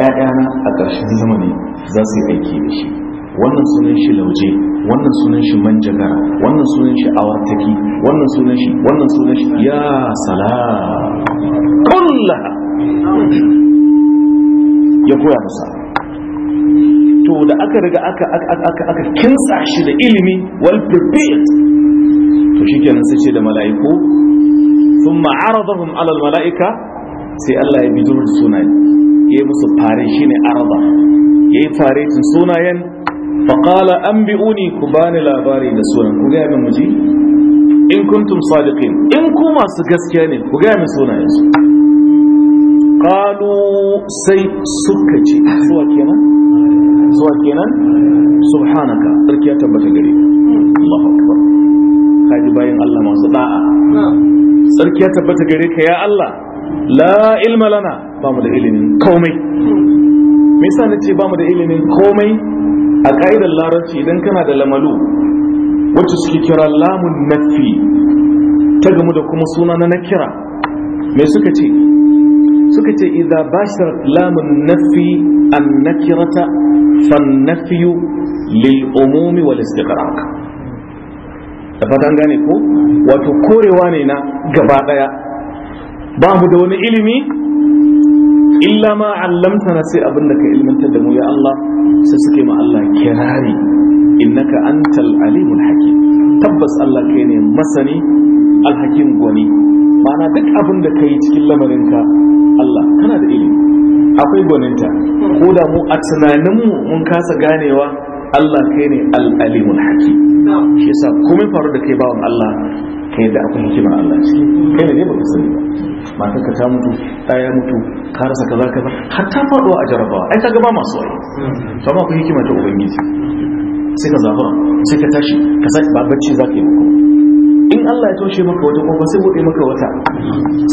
‘ya'yana a ƙarshen zamani za su yi aiki da shi wannan sunan shi lauje wannan sunan shi manjagara wannan sunan shi awartaki wannan sunan shi wannan sunan shi ya salam kullaha ya koya musa to da aka riga aka aka aka kinsa shi da ilimi wal prepared to shikenan sai ce da mala'iku thumma aradahum ala al mala'ika sai Allah ya bidur sunan yayi musu fare shine arada yayi faretin sunayen faƙala an bi'uni ku bani labari da sunan ku gaya min muji in kuntum sadiqin in ku masu gaskiya ne ku gaya min sunayensu qalu sai suka ce zuwa kenan zuwa kenan subhanaka sarki ya tabbata gare Allahu akbar kaji bayin Allah masu da'a sarki ya tabbata gare ka ya Allah la ilma lana ba mu da ilimin komai me yasa nace ba mu da ilimin komai a ƙa'idar larabci idan kana da lamalu wacce suke kira lamun nafi ta gamu da kuma suna na nakira mai suka ce suka ce idza bashar lamun nafi an nakirata fan nafiyu lil umumi wal istiqraq da fatan gane ko wato korewa ne na gaba daya ba mu da wani ilimi illa ma allamtana sai abinda ka ilmantar da mu ya Allah sai suke ma Allah kirari innaka antal alimul hakim tabbas Allah kai ne masani alhakim gwani ma'ana duk abin da kai cikin lamarinka Allah kana da ilimi akwai gwaninta ko da mu a mu mun kasa ganewa Allah kai ne al'alimul alimul hakim shi yasa komai faru da kai bawan Allah kai da akwai hikimar Allah kai ne ba ka sani ba ka ta mutu ya mutu ka kaza kaza har ta faɗuwa a jarabawa ai kaga ba masu wani to amma ku hikima ta ubangiji sai ka zaba sai ka tashi ka sai ba bacci za ka yi muku in Allah ya toshe maka wata kuma sai bude maka wata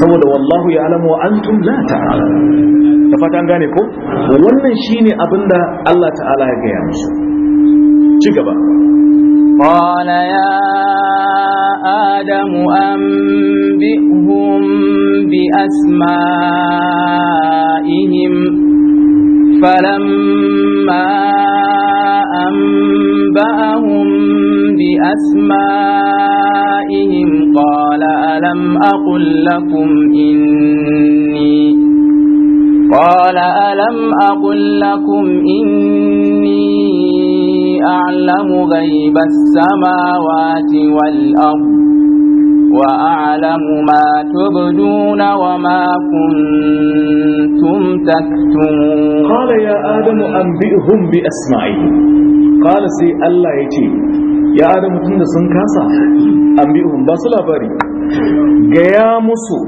saboda wallahu ya alamu wa antum la ta'ala da fatan gane ko wannan shine abinda Allah ta'ala ya gaya musu ci gaba qala ya آدم أنبئهم بأسمائهم فلما أنبأهم بأسمائهم قال ألم أقل لكم إني قال ألم أقل لكم إني أعلم غيب السماوات والأرض وأعلم ما تبدون وما كنتم تكتمون قال يا آدم أنبئهم بأسمائهم قال سي الله يتي يا آدم تند سنكاسا أنبئهم بس لاباري gaya musu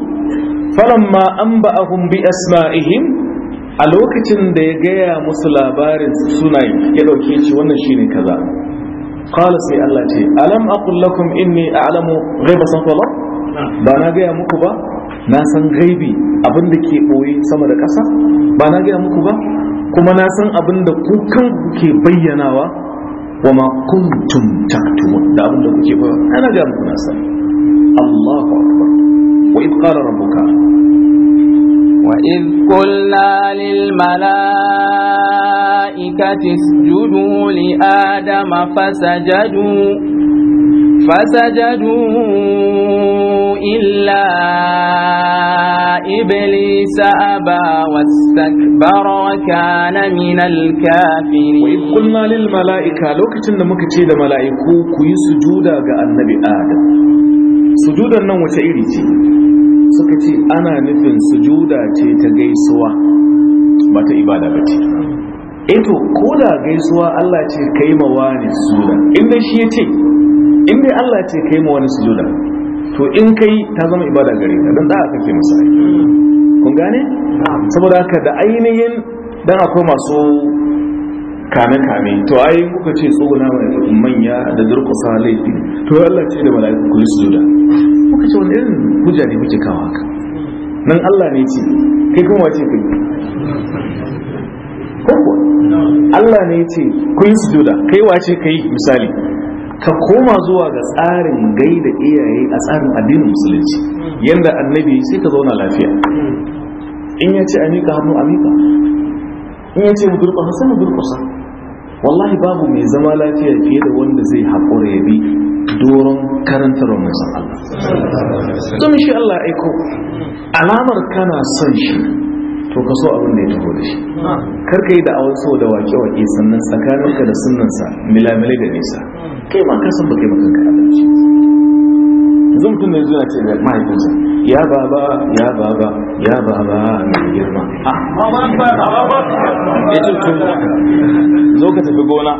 فلما أنبأهم بأسمائهم a lokacin da ya gaya musu labarin sunayi ya ɗauke shi wannan shine kaza qala sai Allah ce alam aqul lakum inni a'lamu ghaiba samfala ba na gaya muku ba na san gaibi abin da ke boye sama da ƙasa ba na gaya muku ba kuma na san abin da ku kanku ke bayyanawa wa ma kuntum taktumun da abin da kuke boye ana gaya muku na san Allahu akbar wa id qala rabbuka wa id qulna lil malaa kachis judu li adama fasajadu fasajadu illa iblisa aba wastakbara wa kana minal kafirin wa qulna malaika lokacin da muka ce da malaiku ku yi sujuda ga annabi adam sujudan nan wace iri ce suka ce ana nufin sujuda ce ta gaisuwa ba ta ibada ba ito ko da gaisuwa Allah ce kai ma wani sujuda in dai shi yace in dai Allah ce kai ma wani sujuda to in kai ta zama ibada gare ka dan da kake masa kun gane saboda haka da ainihin dan akwai masu kame kame to ai kuka ce tsoguna mai manya da durkusa laifi to Allah ce da mala'iku kullu sujuda kuka ce wani irin hujja ne muke kawo haka nan Allah ne ce kai kuma wace kai ko Allah ne ce ku yi sujuda kai wace ka yi misali ka koma zuwa ga tsarin gai da iyaye a tsarin addinin musulunci yadda annabi sai ka zauna lafiya in ya ce a miƙa hannu a miƙa, in ya ce mu durƙusa sai mu durƙusa wallahi babu mai zama lafiya fiye da wanda zai haƙura ya bi doron karanta mai san Allah sun shi Allah aiko alamar kana son shi to ka so abin da ya taho da shi karka yi da'awar so da wake-wake sannan tsakaninka da sunansa milamilai da nisa kai ma kasan ba kai makanka adalci zan fi ne zuwa ce da mahaifinsa ya baba ya baba ya baba mai girma ah, ya ce to zo ka tafi gona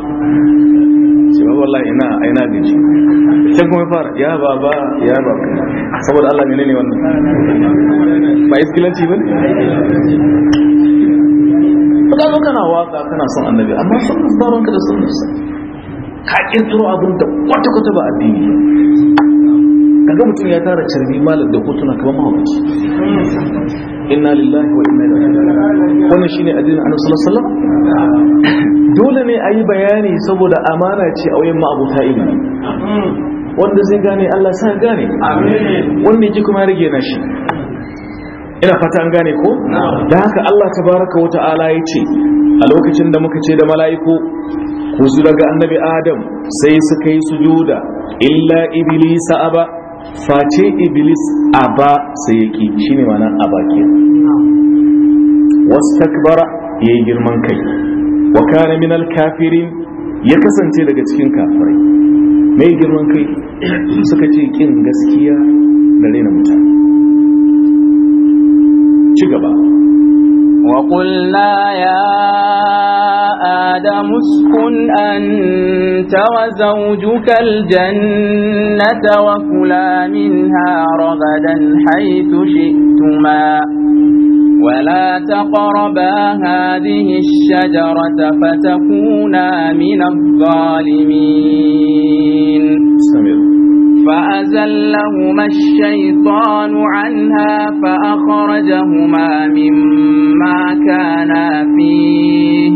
wallahi ina aina gaji sai kuma far ya baba ya baba saboda Allah ne wannan ba iskilanci bane ka zo kana waka kana son annabi amma sun baron ka da sa ka kirkiro abin da kwata kwata ba addini kaga mutum ya tara carbi malam da kotuna kamar mahaukaci inna lillahi wa inna ilaihi raji'un wannan shine addinin annabi sallallahu alaihi dole ne ayi bayani saboda amana ce a wayan ma'abuta ilimi wanda zai gane Allah sa gane amin wanda yake kuma rage na shi ina fata an gane ko da haka Allah tabaraka wa ta'ala ya ce a lokacin da muka ce da mala'iku ku zu daga annabi Adam sai suka yi sujuda illa iblisa aba face iblis ba sai shi shine mana a Wasu takbara ya yi girman kai wa kana min ya kasance daga cikin kafirai mai girman kai suka ce kin gaskiya da rena mutane ci gaba wa ya آدم اسكن أنت وزوجك الجنة وكلا منها رغدا حيث شئتما ولا تقربا هذه الشجرة فتكونا من الظالمين فأزلهما الشيطان عنها فأخرجهما مما كانا فيه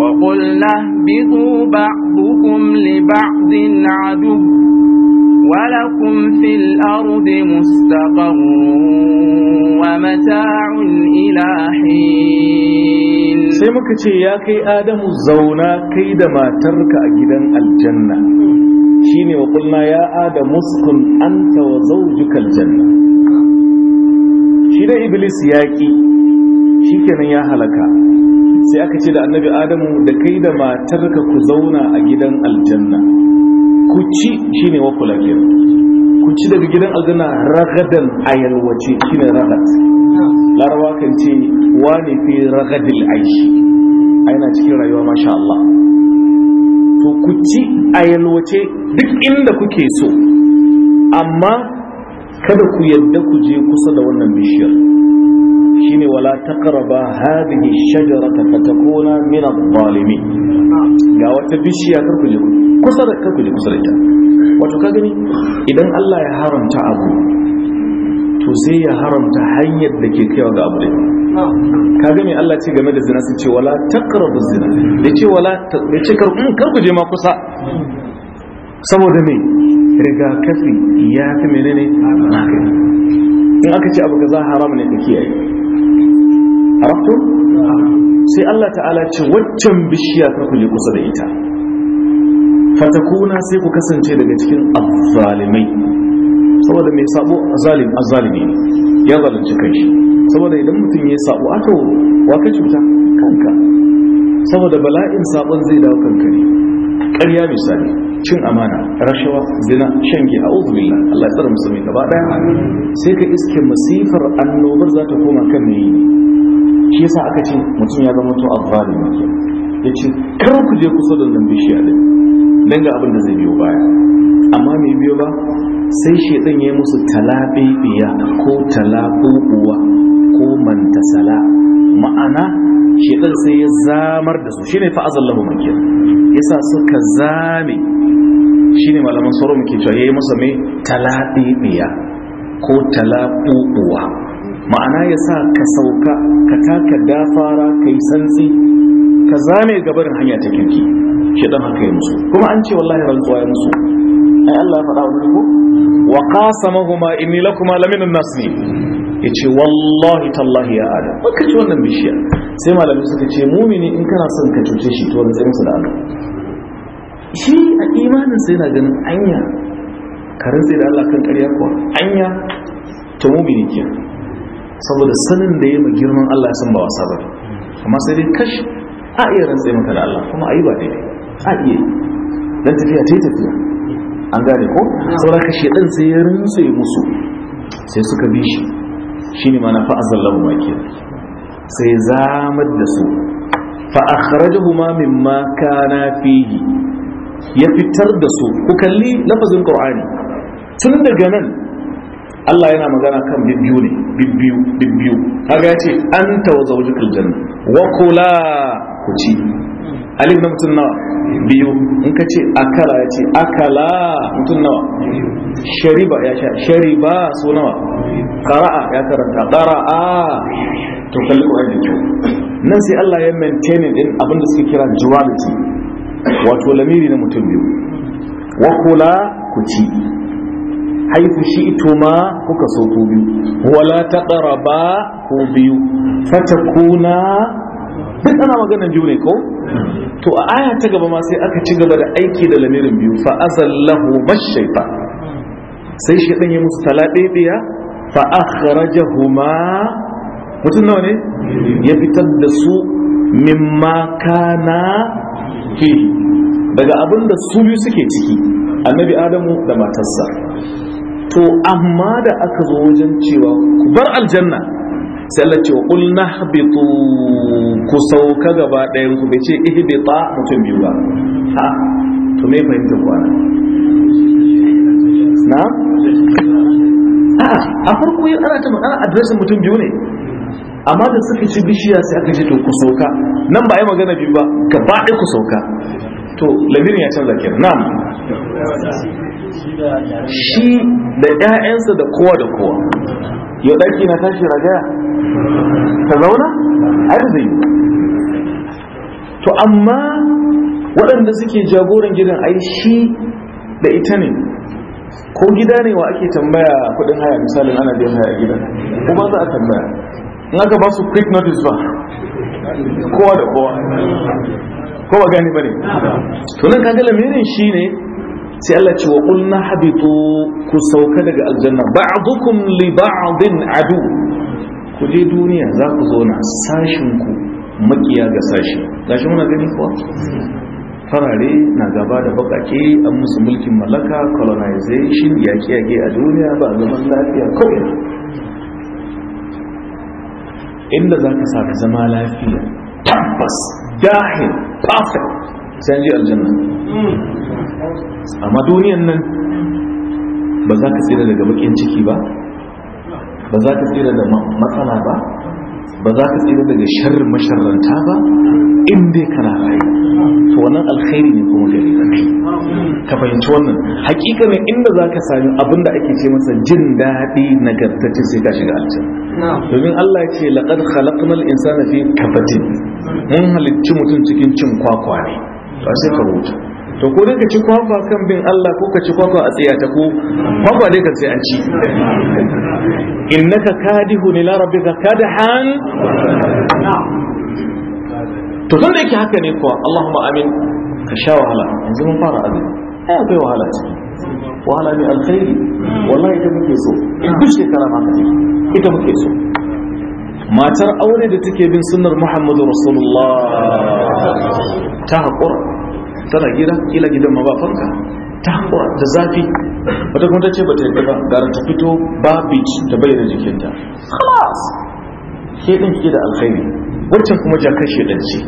وقلنا اهبطوا بعضكم لبعض عدو ولكم في الأرض مستقر ومتاع إلى حين سيمك يا كي آدم الزونا كيد ما ترك أجدا الجنة شيني وقلنا يا آدم اسكن أنت وزوجك الجنة شيني إبليس ياكي شيكنا يا هلكا sai aka ce da annabi adamu da kai da matarka ku zauna a gidan aljanna ku ci shine wa kula ku ci daga gidan aljanna ragadan a yalwace ne ragad larawa kan ce wani fi ragadil aishi yana cikin rayuwa masha Allah to ku ci a yalwace duk inda kuke so amma kada ku yadda ku je kusa da wannan bishiyar wala taqraba hadhihi shajarata fatakuna min adh-dhalimin ga wata bishiya karku je kusa da karku je kusa da ita wato ka gani idan Allah ya haramta abu to sai ya haramta hanyar da ke kaiwa ga abu da ka gani Allah ce game da zina sai ce wala taqrabu zina da ce wala da ce karku mm, je ma kusa saboda me rigakafi ya fi menene magani in aka ce abu kaza haram ne ka kiyaye arafto sai Allah ta'ala ce waccan bishiya kar ku kusa da ita fatakuna sai ku kasance daga cikin azzalimai saboda mai sabo azalim azalimi ne ya zalunci shi. saboda idan mutum ya sabo ato wa ka cuta kanka saboda bala'in sabon zai dawo kanka ne ƙarya misali cin amana rashawa zina shan giya a'udhu billah Allah ya tsara musulmi gaba daya sai ka iske masifar annobar za ta koma kan ne yasa aka ce mutum ya zama to azzalimi ke ya ce kar ku je kusa da nan bishiya din dan ga abin da zai biyo baya amma mai biyo ba sai shedan ya yi musu talabibiya ko talabuwa ko mantasala ma'ana shedan sai ya zamar da su shine fa azallahu makiyar yasa suka zame shine malaman sauran muke cewa yayi musu mai talabibiya ko talabuwa ma'ana ya sa ka sauka ka taka dafara ka yi santsi ka zame gabarin hanya ta kirki shi dan haka ya musu kuma an ce wallahi rantsuwa ya musu ai Allah ya faɗa wa ku wa qasamahuma inni lakuma lamin nasi yace wallahi tallahi ya adam baka ci wannan bishiya sai malamin suka ce mumini in kana son ka cuce shi to rantsayin sa da Allah shi a imanin sai na ganin anya ka rantsa da Allah kan ƙarya kuwa anya ta mumini kenan saboda sanin da ya ma girman Allah ya san ba wasa ba amma sai dai kash a iya rantsai maka da Allah kuma a yi ba daidai a iya dan tafiya ta yi tafiya an gane ko saboda ka shedan sai ya rantsa musu sai suka bi shi shine ma na fa'azal lahu ma ke sai zamar da su fa akhrajuhuma mimma kana fihi ya fitar da su ku kalli lafazin qur'ani tun daga nan Allah yana magana kan biyu ne bibbiyu bibbiyu kaga ya ce an ta wa zaujikul janna wa kula ku ci alif na mutum nawa biyu in ka ce akala ya ce akala mutum nawa shariba ya sha shariba su nawa qara'a ya karanta qara'a to kalli ko da kyau nan sai Allah ya maintain din abinda da suke kira duality wato lamiri na mutum biyu wa kula ku ci haifu shi ma kuka so ku biyu wala ta ba ku biyu fata kuna. duk ana magana biyu ne ko to a aya ta gaba ma sai aka ci gaba da aiki da lamirin biyu fa azallahu mashaifa sai shi dan ya musu talaɗeɗiya fa akhrajahuma mutum nawa ne ya fitar da su mimma kana daga abin da su biyu suke ciki annabi adamu da matarsa to amma da aka zo wajen cewa ku bar aljanna sai Allah ce qul nahbitu ku sauka gaba ɗayan ku bai ce ihbita mutum biyu ba ha to me fahimta kwana na a a farko yin ana ta magana adresin mutum biyu ne amma da suka ci bishiya sai aka ce to ku sauka nan ba yi magana biyu ba gaba ɗaya ku sauka to lamirin ya canza kenan na'am shi da 'ya'yansa da kowa da kowa yau ɗarki na tashi ragaya ta zauna har zai yi to amma waɗanda suke jagoran gidan ai shi da ita ne ko gida ne wa ake tambaya kudin haya misalin ana biyan haya gidan kuma za a tambaya in aka ba su quick notice ba kowa da kowa kowa gani ba ne tunan kaga lamirin shi ne sai Allah ce wa qulna habitu ku sauka daga aljanna ba'dukum li ba'din adu ku je duniya za ku zauna sashin ku makiya ga sashi gashi muna gani kuwa farare na gaba da bakake an musu mulkin mallaka colonization yaƙe-yaƙe a duniya ba zaman lafiya kawai inda za ka sa zama lafiya tabbas dahil perfect sai ji aljanna hmm. amma duniyan nan ba za ka tsira daga bakin ciki ba ba za ka tsira da matsala ba ba za ka tsira daga sharrin masharranta ba in dai kana rayu to wannan alkhairi ne kuma gari ka ka fahimci wannan hakika ne inda za ka sami abin da ake ce masa jin daɗi nagartaccen, sai ka shiga aljanna domin Allah ya ce laqad khalaqnal insana fi kafatin mun halicci mutum cikin cin kwakwa ne ba sai ka rubuta to ko dai ka ci kwakwa kan bin Allah ko ka ci kwakwa a tsiya ta ko kwakwa dai ka sai an ci innaka kadihun ila rabbika kadahan to don da yake haka ne kuwa Allahumma amin ka sha wahala yanzu mun fara azumi ai akwai wahala ciki wahala ne alkhairi wallahi ita muke so duk shekara ma ka ita muke so matar aure da take bin sunnar Muhammadu Rasulullah ta haƙura tana gida kila gidan ma ba fanka ta hawa da zafi wata kuma ta ce ba ta yadda ba gara ta fito ba beach ta bayyana jikinta ke din ke da alkhairi wancan kuma jakar shedan ce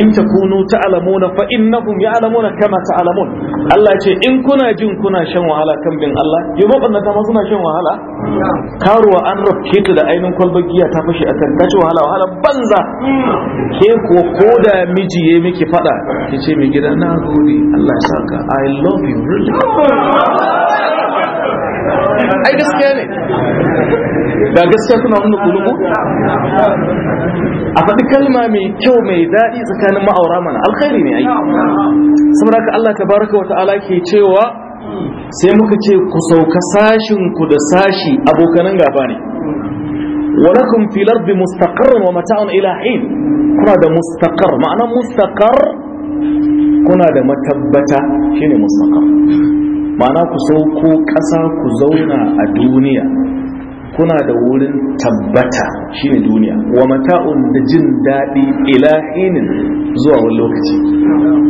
in takunu alamuna fa innahum ya'lamuna kama ta'lamun Allah ce in kuna jin kuna shan wahala kan bin Allah yau mabannata ma suna shan wahala karuwa an rafke ta da ainihin kwalbar giya ta fashi a kace wahala wahala banza ke ko koda miji ya miki fada ki ce mai na gode Allah ya saka i love you really ai gaskiya ne Da gaskiya kuna wani kulubu a faɗi kalma mai kyau mai daɗi tsakanin ma'aura mana alkhairi ne ai saboda haka Allah ta baraka wa ta'ala ke cewa sai muka ce ku sauka sashin ku da sashi abokanan gaba ne walakum fil ardi mustaqarrun wa mata'un ila hin kuna da mustaqar ma'ana mustaqar kuna da matabbata shine mustaqar mana ku sauko ƙasa ku zauna a duniya kuna da wurin tabbata shine duniya wa mata'un da jin daɗi ila hinin zuwa wani lokaci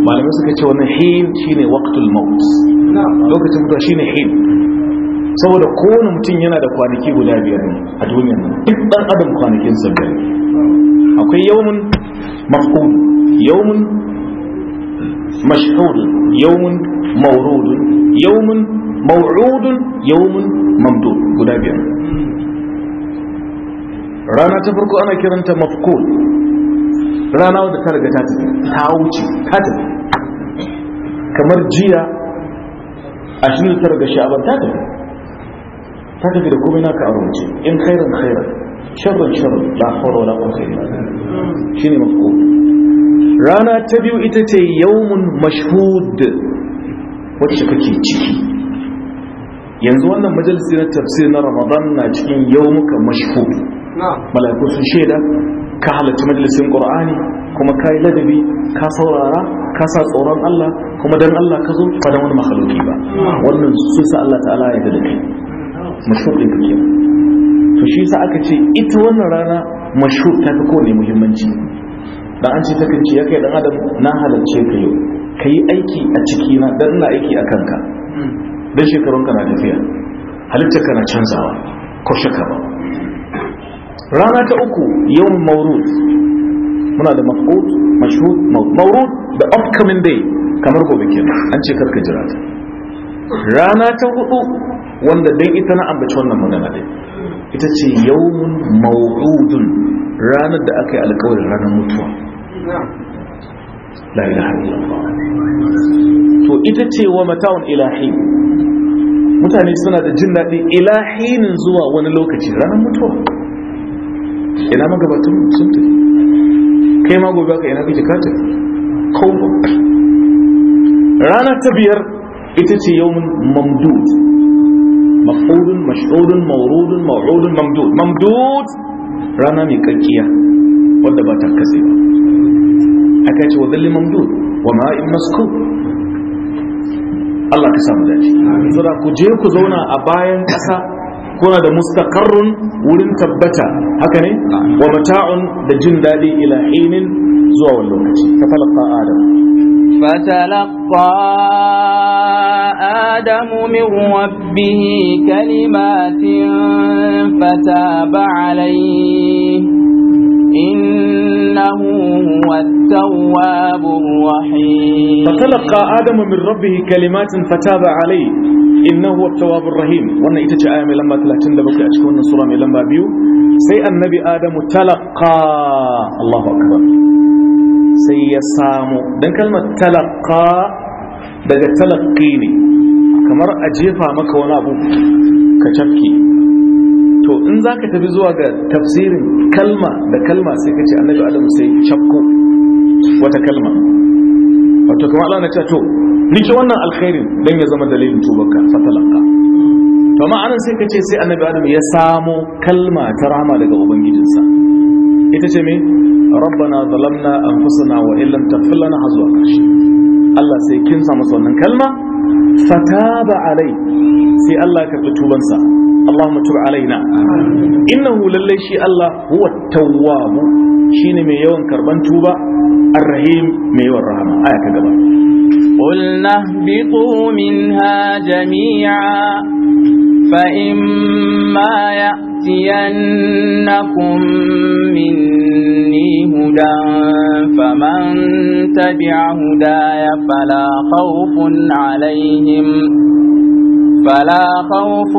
malamai suka ce wani hin shine waqtul maut lokacin mutuwa shine hin saboda kowane mutum yana da kwanaki guda biyar ne a duniya na duk ɗan adam kwanakin sa biyar akwai yawmun mafqud yawmun mashhud yawmun mawrud يوم maw'udun يوم ممدود guda biyar rana ta farko ana kiranta mafkul rana wadda ta riga ta ta wuce ta tafi kamar jiya ashirin ta riga sha'aban ta tafi ta tafi da komai naka a rubuce in khairan khairan sharran sharran la hawla wala quwwata illa billah shine mafkul rana ta biyu ita ce yawmun mashhud wacce kake ciki yanzu wannan majalisi na tafsir na ramadan na cikin yau muka mashhudu mala'iku sun shaida ka halarci majalisin qur'ani kuma kai ladabi ka saurara ka sa tsoron Allah kuma dan Allah ka zo ba wani makhluki ba wannan sun sa Allah ta'ala ya da kai mashhudin kake to shi sa aka ce ita wannan rana mashhud ta fi kowane muhimmanci dan an ce ta kan ce ya kai dan adam na halarce ka yau ka yi aiki a cikina don ina aiki a kanka don shekarunka na tafiya halittarka na canzawa ko shaka ba rana ta uku yawan maurud muna da maf'ud mashhud maurud da upcoming day kamar gobe kenan an ce karka jira ta rana ta hudu wanda dai ita na ambaci wannan magana dai ita ce yawmun maw'udun ranar da aka yi alƙawarin ranar mutuwa la ilaha illallah to ita ce wa mata'un ilahi mutane suna da jin daɗi ilahinin zuwa wani lokaci ranar mutuwa ina magabatun sun tafi kai ma gobe ka ina kake katin kawo rana ta biyar ita ce yawon mamdud mafudun mashudun maurudun maurudun mamdud mamdud rana mai kakkiya wadda ba ta kasewa ba aka ce wa zalli mamdud wa ma'in masku Allah ka samu dace saboda ku je ku zauna a bayan ƙasa kuna da mustaqarrun wurin tabbata haka ne wa mata'un da jin daɗi ila hinin zuwa wani lokaci ta falqa adam فتلقى آدم من ربه كلمات فتاب عليه إن هو التواب الرحيم فتلقى آدم من ربه كلمات فتاب عليه إنه هو التواب الرحيم وانا إتجا آية من لما تلاتين دبك أشكونا سورة من لما بيو سيء النبي آدم تلقى الله أكبر سيء سامو دان كلمة تلقى daga talakki ne kamar a jefa maka wani abu ka cafke to in za ka tafi zuwa ga tafsirin kalma da kalma sai ka ce annabi adam sai cakko wata kalma wato kuma Allah na ce to rike wannan alkhairin don ya zama dalilin tubarka fatalaka to amma anan sai ka ce sai annabi adam ya samo kalma ta rama daga ubangijinsa ita ce me rabbana zalamna anfusana wa illam taghfir lana hazwa Allah sai kin samu masa wannan kalma fataba alai sai Allah ka tubansa Allahumma tub alaina innahu lallai shi Allah huwa shi ne mai yawan karban tuba arrahim mai yawan rahama aya ta gaba qulna biqu minha jami'a fa imma يأتينكم مني هدى فمن تبع هداي فلا خوف عليهم فلا خوف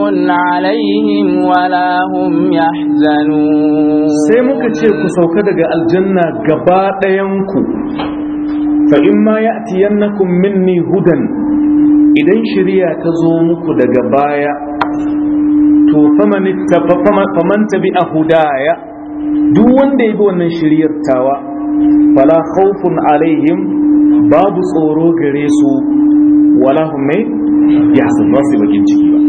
عليهم ولا هم يحزنون sai muka ce ku sauka daga aljanna gaba ɗayanku fa in ma ya'tiyannakum minni hudan idan shirya ta zo muku daga baya to faman faman hudaya duk wanda ya bi wannan shiriyar tawa fala khawfun alaihim babu tsoro gare su wala hum ya hasan ba su bakin ciki ba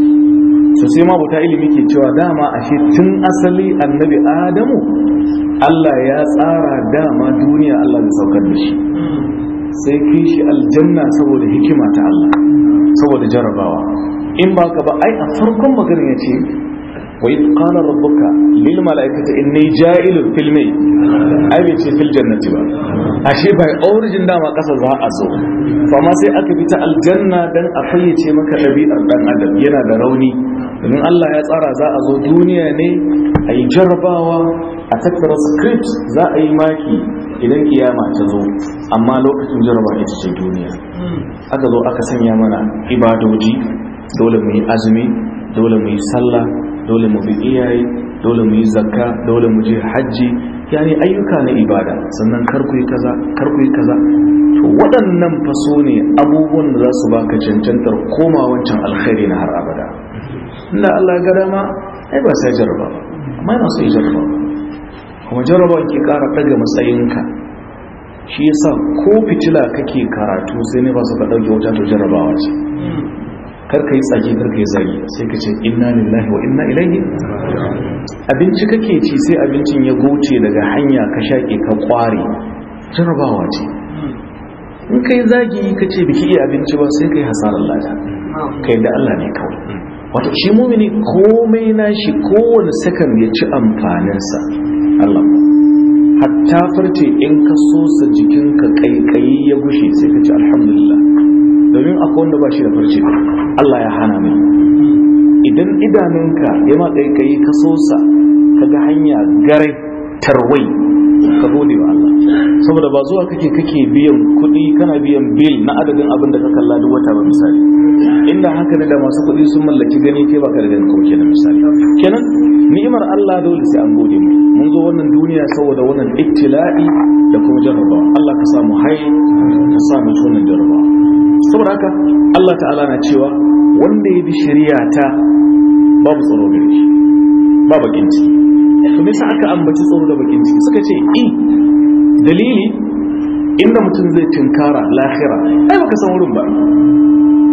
so sai ma buta ilimi ke cewa dama ashe tun asali annabi adamu Allah ya tsara dama duniya Allah da saukar da shi sai kai shi aljanna saboda hikima ta Allah saboda jarabawa in ba ka ba ai a farkon maganin ya ce wa yi ƙanar rabbuka lil mala'ikata inni ja'ilun filmai ai bai ce fil jannati ba ashe bai origin dama kasa za a zo ba ma sai aka bi ta aljanna dan a fayyace maka ɗabi'ar dan adam yana da rauni domin Allah ya tsara za a zo duniya ne a yi jarrabawa a tattara script za a yi maki idan kiyama ta zo amma lokacin jarraba ita ce duniya aka zo aka sanya mana ibadoji dole mu yi azumi dole mu yi sallah dole mu bi iyaye dole mu yi zakka dole mu je hajji yani ayyuka na ibada sannan kar ku yi kaza kar yi kaza to waɗannan faso ne abubuwan da za su baka cancantar koma wancan alkhairi na har abada inda Allah ga dama ai ba sai jarraba amma yana sai jarraba kuma jarraba ke ƙara ɗaga matsayinka shi yasa ko fitila kake karatu sai ne ba su ka ɗauke wajen to jarrabawa ce karka yi tsaki karka yi zagi sai ka ce inna lillahi wa inna ilaihi abinci kake ci sai abincin ya goce daga hanya ka shaƙe ka kware jarabawa ce in kai zagi ka ce biki iya abinci ba sai ka yi hasarar lada ka da Allah ne kawai wato shi mumini komai na shi kowane sakan ya ci amfaninsa Allah hatta farce in ka so sa jikinka kaikayi ya gushe sai ka ce alhamdulillah domin akwai wanda ba shi da farce Allah ya hana mai idan idanunka ya matsayi ka yi kaso sa ka ga hanya garai tarwai ka gode saboda ba zuwa kake kake biyan kuɗi kana biyan bil na adadin abin da ka kalla duk wata ba misali inda haka ne da masu kuɗi sun mallaki gani kai baka da ganin kauke da misali kenan ni'imar Allah dole sai an gode mu mun zo wannan duniya saboda wannan ittila'i da kuma jarrabawa Allah ka samu hai ka samu sunan jarrabawa saboda haka Allah ta'ala na cewa wanda ya bi shari'a ta babu tsaro gare shi ba bakin ciki to me aka ambaci tsaro da bakin suka ce eh dalili inda mutum zai tunkara lahira ai baka san wurin ba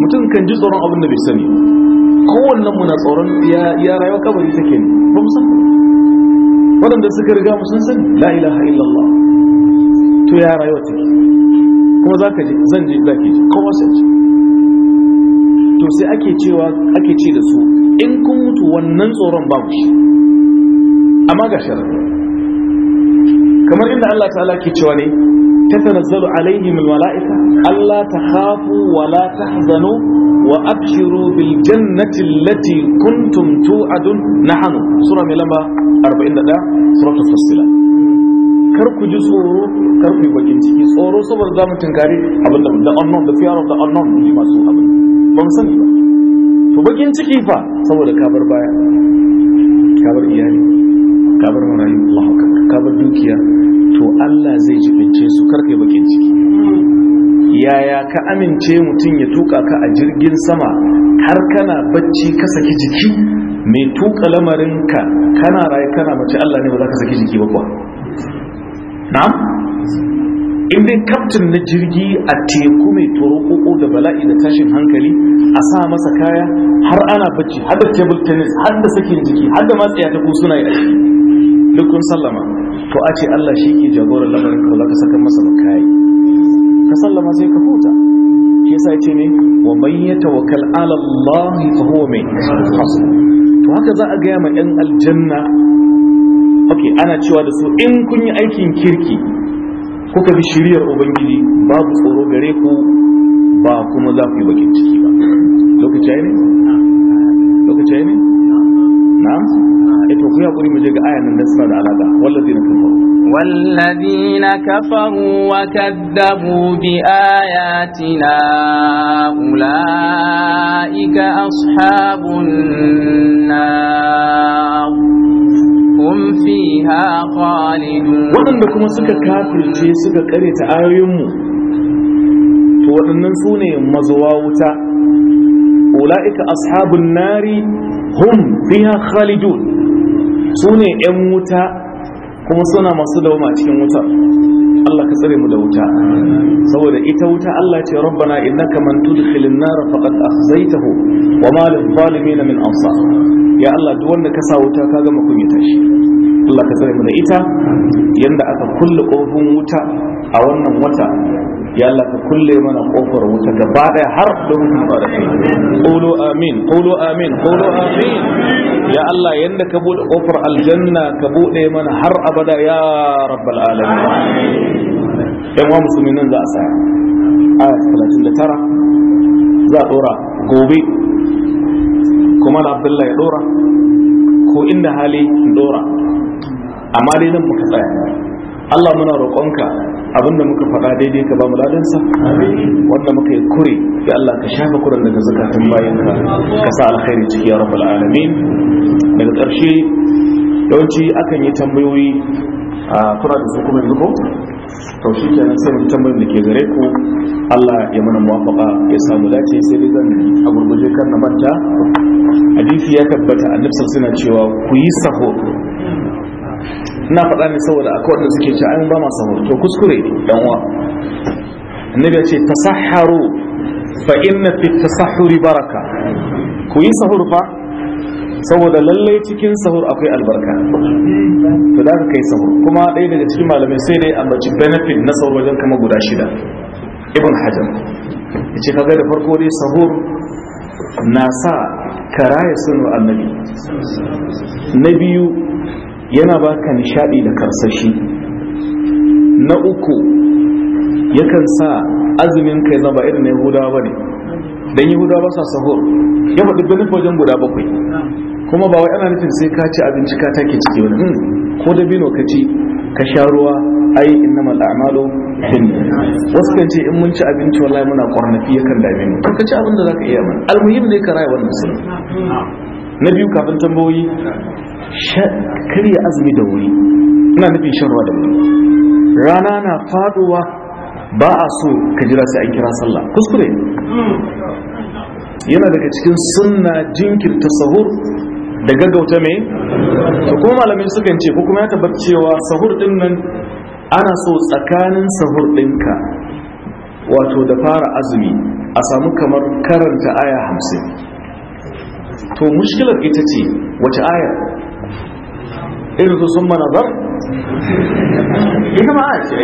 mutum kan ji tsoron abin da bai sani kowannen mu na tsoron ya rayuwa kabari take ne ba mu san Wadanda suka riga mu san sani la ilaha illallah to ya rayuwa take kuma za ka ji zan ji za ji kowa sai ce to sai ake cewa ake ce da su in kun mutu wannan tsoron babu shi amma ga sharaɗi kamar inda Allah ta'ala ke cewa ne tatanazzalu alaihim almalaika alla takhafu wa la tahzanu wa abshiru bil jannati allati kuntum tu'adun nahnu sura mai lamba 41 suratul fussilat kar ku ji tsoro kar ku yi bakin ciki tsoro saboda zamu tunkari abinda the unknown the fear of the unknown ne masu abin Ban mu sani ba to bakin ciki fa saboda kabar baya kabar iyali kabar marayu Allahu akbar ka dukiya to Allah zai bince su karkai bakin ciki yaya ka amince mutum ya tuka ka a jirgin sama har kana bacci ka saki jiki mai tuka lamarin ka kana raye kana mace Allah ne ba za ka saki jiki ba kuwa na'am in dai kaftin na jirgi a teku mai torokoko da bala'i da tashin hankali a sa masa kaya har ana bacci har da table tennis har da sakin jiki har da matsaya ta suna yi duk kun sallama to a ce Allah shi ke jagorar lamarin ko ka saka masa makayi ka sallama sai ka huta ke yasa ce ne wa man yatawakkal ala Allah fa huwa min hasbu to haka za a ga ma ɗan aljanna okay ana cewa da su in kun yi aikin kirki kuka bi shiriyar ubangiji babu tsoro gare ku ba kuma za ku yi bakin ciki ba lokaci ne lokaci ne to ku hakuri mu je ga ayan nan da alaka kafaru wallazina kafaru wa kadzabu bi ayatina ulaika ashabun nar hum fiha khalidun wadanda kuma suka kafirce suka kareta ayoyin mu to waɗannan su ne mazuwa wuta ula'ika ashabun nari hum biha khalidun su ne 'yan wuta kuma suna masu dauma cikin wutar Allah ka tsare mu da wuta saboda ita wuta Allah ce rabbana innaka man tudkhilin nar faqad akhzaytahu wa ma lil zalimin min ansar ya Allah duk wanda ka sa wuta ka gama kunyata shi Allah ka tsare mu da ita yanda aka kulle kofin wuta a wannan wata ya Allah ka kulle mana kofar wuta gaba daya har lokacin ba da qulu amin qulu amin qulu amin ya Allah yanda ka bude kofar aljanna ka bude mana har abada ya rabbal alamin dan wa musulmin nan za a sa aya 39 za a dora gobe kuma da abdullahi ya dora ko inda hali dora amma dai nan muka tsaya Allah muna roƙonka Abin da muka faɗa daidai ka ba mu ladansa wanda muka yi kure ya Allah ka shafa kuren daga zakatun bayan ka ka sa alkhairi ciki ya rabbal alamin daga ƙarshe yawanci akan yi tambayoyi a kuna da su kuma yanzu ko to shi kenan sai tambayin da ke gare ku Allah ya mana muwafaqa ya samu dace sai dai zan a gurguje kan na manta hadisi ya tabbata annabi sallallahu alaihi wasallam cewa ku yi sahur ina faɗa ne saboda akwai wanda suke ce ayin ba ma sahur to kuskure dan wa. annabi ya ce tasahharu fa inna fi tasahhuri baraka ku yi sahur fa saboda lallai cikin sahur akwai albarka to da kai sahur kuma ɗaya daga cikin malamai sai dai ambaci benefit na sahur wajen kama guda shida ibn hajar ya ce kaga da farko dai sahur na sa karaya sunu annabi na biyu yana baka nishaɗi da karsashi na uku yakan sa azumin kai zama ba irin na yahudawa ba ne don yahudawa ba sa sahur ya faɗi ganin wajen guda bakwai kuma ba wai ana nufin sai ka ci abinci ka take ciki wani hmm, ko da bino ka ci ka sha ruwa ai innamal a'malu bin wasu kan ce in mun ci abinci wallahi muna kwarnafi yakan dame mu ka ci abin da zaka iya mana almuhim ne ka raya wannan sunan na biyu kafin tambayoyi karya azumi da wuri ina nufin shan ruwa da wuri rana na faduwa ba a so ka jira sai an kira sallah kuskure yana daga cikin sunna jinkirta sahur da gaggauta mai to kuma malamai sukan ce ko kuma ya tabbata cewa sahur din nan ana so tsakanin sahur ɗinka wato da fara azumi a samu kamar karanta aya hamsin to mushkilar ita ce wace aya irin su sun manazar ita ma a ce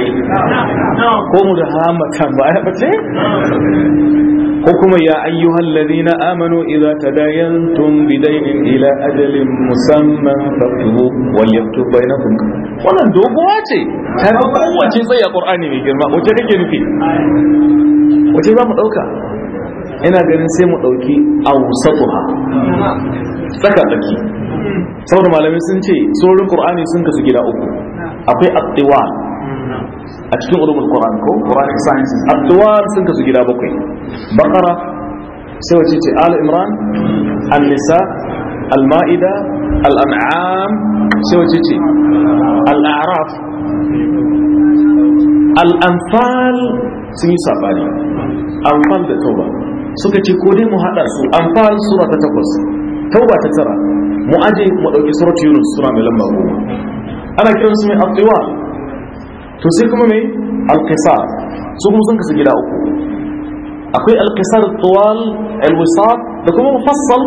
ko mu da hamatan ba ya bace ko kuma ya amano ladina ta dayan tadayantum bidaynin ila ajalin musamman faktubu wal na kunka? wannan dogowa ce ta kowace tsaye a ƙorani mai girma wace kake nufi wace za mu ɗauka? ina ganin sai mu ɗauki ausatuha tsaka tsaki saboda malamai sun ce saurin qur'ani sun kasu gida uku akwai aqtiwal a cikin ulumul qur'an ko quranic sciences aqtiwal sun kasu gida bakwai baqara sai wace ce al imran an-nisa al-ma'ida al-an'am sai wace ce al-a'raf al-anfal sun yi sabani anfal da tauba suka ce ko dai mu haɗa su anfal sura ta takwas tauba ta tara mu aje mu ɗauki suratu yunus sura mai lamba goma ana kiran su mai atiwa to sai kuma mai alkisar su kuma sun kasu gida uku akwai alkisar tuwal alwisat da kuma mufassal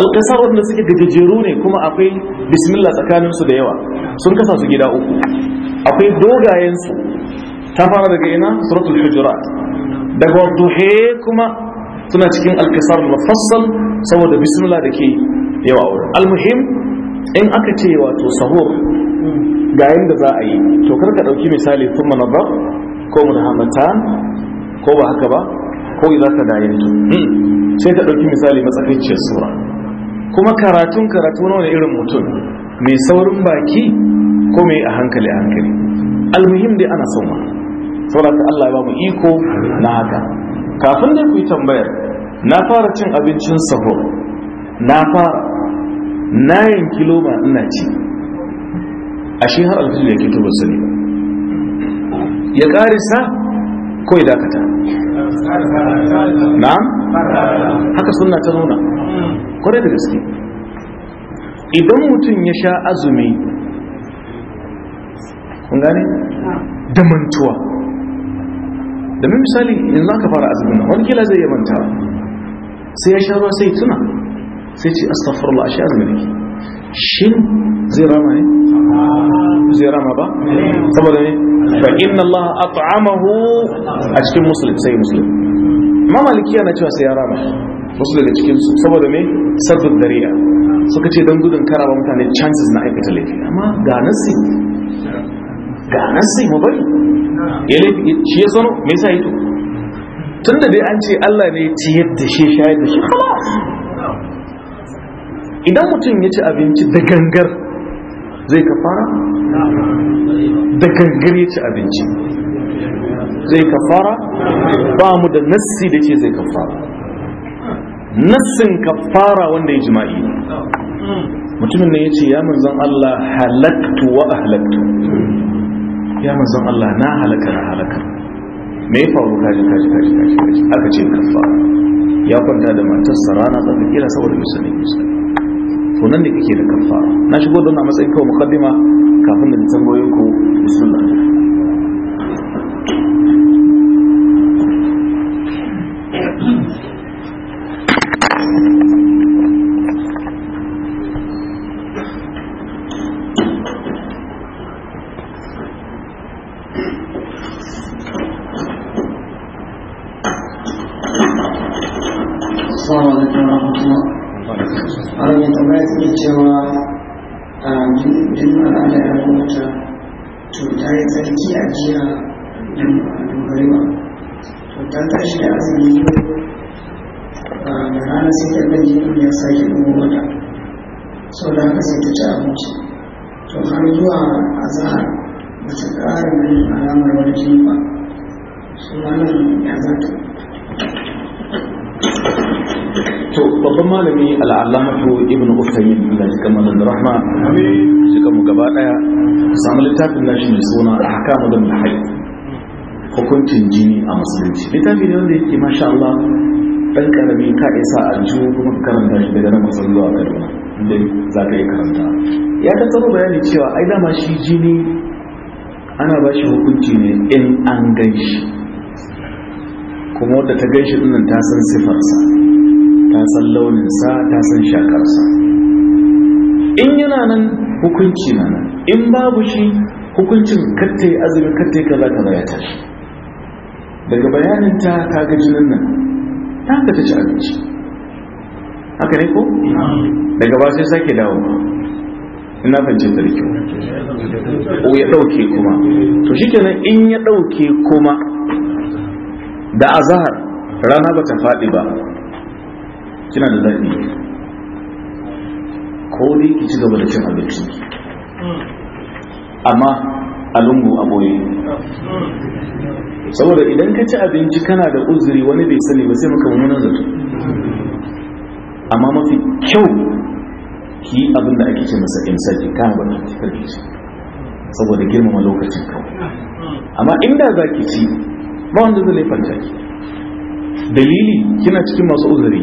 alkasar wanda suke gajejeru ne kuma akwai bismillah tsakaninsu da yawa sun kasa su gida uku akwai dogayensu ta fara daga ina suratul hujurat daga duhe kuma suna cikin alkisar mafassal saboda bismillah da ke yawa wurin almuhim in aka ce wato sahur ga yadda za a yi to kar ka ɗauki misali tun manaba ko muhammadan ko ba haka ba ko za ka dayin to hmm. sai ka ɗauki misali matsakaiciyar sura kuma karatun karatu na wani irin mutum mai saurin baki ko mai a hankali a hankali almuhim dai ana son saboda Allah ya ba mu iko na haka kafin dai ku yi tambayar na fara cin abincin sahur na fara nayin kilo ba ina ci A shi har alfijir yake to ba ne. ya karisa ko ya dakata na haka sunna ta nuna kwarai da gaske idan mutum ya sha azumi kun gane da mantuwa domin misali in za ka fara azumin nan wani kila zai yi manta sai ya sha ruwa sai tuna sai ce astaghfirullah ashe azumin yake shin zai rama ne zai rama ba saboda ne fa inna allaha at'amahu a cikin muslim sai muslim amma malikiya na cewa sai ya rama wasu daga cikin saboda me sabbin dariya suka ce don gudun karaba mutane chances na aikata laifi amma ga nasi ga nasi mu bari shi ya sano me yasa yato tun da dai an ce Allah ne ya ciyar da shi shayar da shi idan mutum ya ci abinci da gangar zai kafara da gangar ya ci abinci zai kafara ba mu da nassi da ce zai kafara nassin kafara wanda ya jima'i mutumin ne ya ce ya manzan Allah halaktu wa ahlaktu ya manzon Allah na halaka na halaka me ya faru kaji kaji kaji kaji aka ce kafa ya kwanta da matarsa rana tsaka kira saboda musulmi musulmi nan ne kake da kafa na shigo don a matsayin kawai muqaddima kafin da tambayoyin ku bismillah rubuta shi mai suna a haka mu da hai hukuncin jini a musulunci littafi ne wanda yake masha Allah ɗan ƙarami ka isa a jiwo kuma karanta shi daga nan masu zuwa kaduna inda za ka iya karanta ya tattaro bayani cewa ai dama shi jini ana ba shi hukunci ne in an gan shi kuma wadda ta gan shi ɗinnan ta san sifarsa ta san launinsa ta san shakarsa in yana nan hukunci na nan in babu shi hukuncin katta azumin azumi yi kaza kaza ya tashi daga bayanin ta ta ga jinin nan ta ga ta ci abinci haka ne ko daga ba sai sake dawo ina fahimci da kyau o ya dauke kuma to shikenan in ya dauke kuma da azhar rana ba ta faɗi ba kina da zaɓi ko dai ki ci gaba da cin abinci amma a lungu a boye saboda idan ka ci abinci kana da uzuri wani bai sani ba sai maka mummunan zato amma mafi kyau ki yi abin da ake ce masa imsaki kama ba ki karki ci saboda girmama lokacin kawai amma inda za ki ci ba wanda zai laifanta ki dalili kina cikin masu uzuri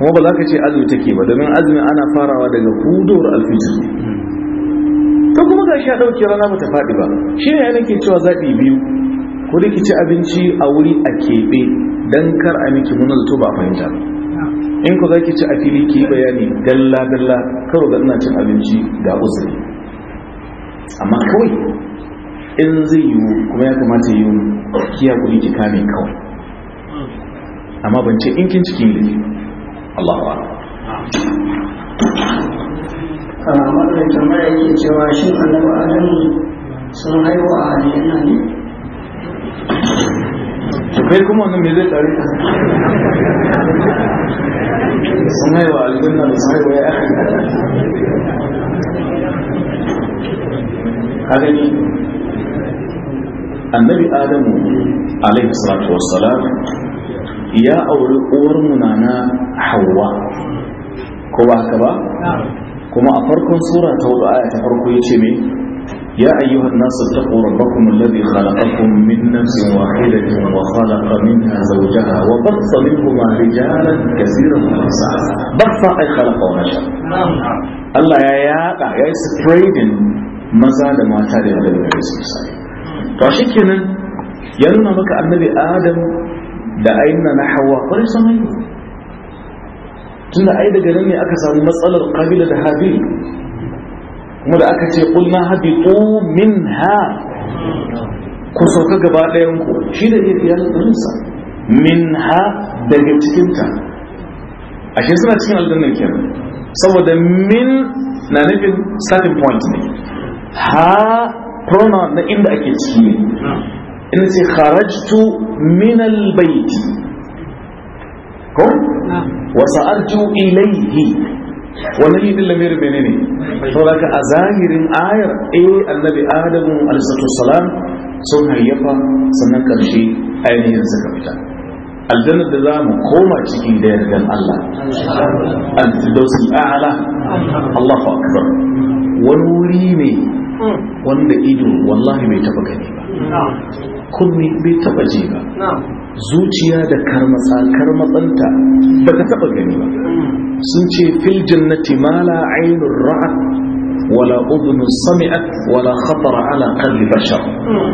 kuma ba za ka ce azumi take ba domin azumi ana farawa daga huduwar alfijir ta kuma ga shi a ɗauki rana ba faɗi ba shi ne ke cewa zaɓi biyu ku da ci abinci a wuri a keɓe don kar a miki muna zato ba a fahimta in ku za ki ci a fili ki yi bayani dalla dalla karo ga ina cin abinci ga uzuri amma kawai in zai yiwu kuma ya kamata yi kiya kuɗi ki kame kawai amma ban ce in kin cikin da wannan tambaya yake cewa shin annabi adam sun haihu a aljanna ne to kai kuma wannan me zai tsare sun haihu a aljanna ba sun haihu ya kaga annabi adamu alaihi salatu wassalam ya auri uwar munana hawa ko ba haka ba kuma a farkon sura ta hudu aya ta farko ya ce me ya ayyuhan nasu taqu rabbakum alladhi khalaqakum min nafsin wahidatin wa khalaqa minha zawjaha wa kuma minhuma rijalan kaseeran wa nisaa batha ay khalaqa wa nasha Allah ya yada ya yi spreading maza da mata da yadda da su sai to shikenan ya nuna maka annabi Adam da aina na Hawwa kwarai sun haihu tunda ai daga nan ne aka samu matsalar kabila da habi kuma da aka ce kulna habitu minha ku sauka gaba ɗayan ku shi da iya ɗinsa minha daga cikinta shi suna cikin aljannar kenan saboda min na nufin starting point ne ha pronoun na inda ake ciki ne ina ce kharajtu min albayti ko wasu arju ilaihi wannan yi din menene sauraka a zahirin ayar eh annabi adamu alisatu salam sun hayyafa sannan karshe ainihin suka fita aljannar da za mu koma ciki da yardan Allah al-firdausul a'la Allahu akbar wani wuri ne wanda ido wallahi bai taba gani ba kurmi bai taba ji ba zuciya da karmatsa karmatsanta ba ta taba gani ba sun ce fil jannati ma la ainur ra'at wala udhun sami'at wala khatara ala qalbi bashar hmm.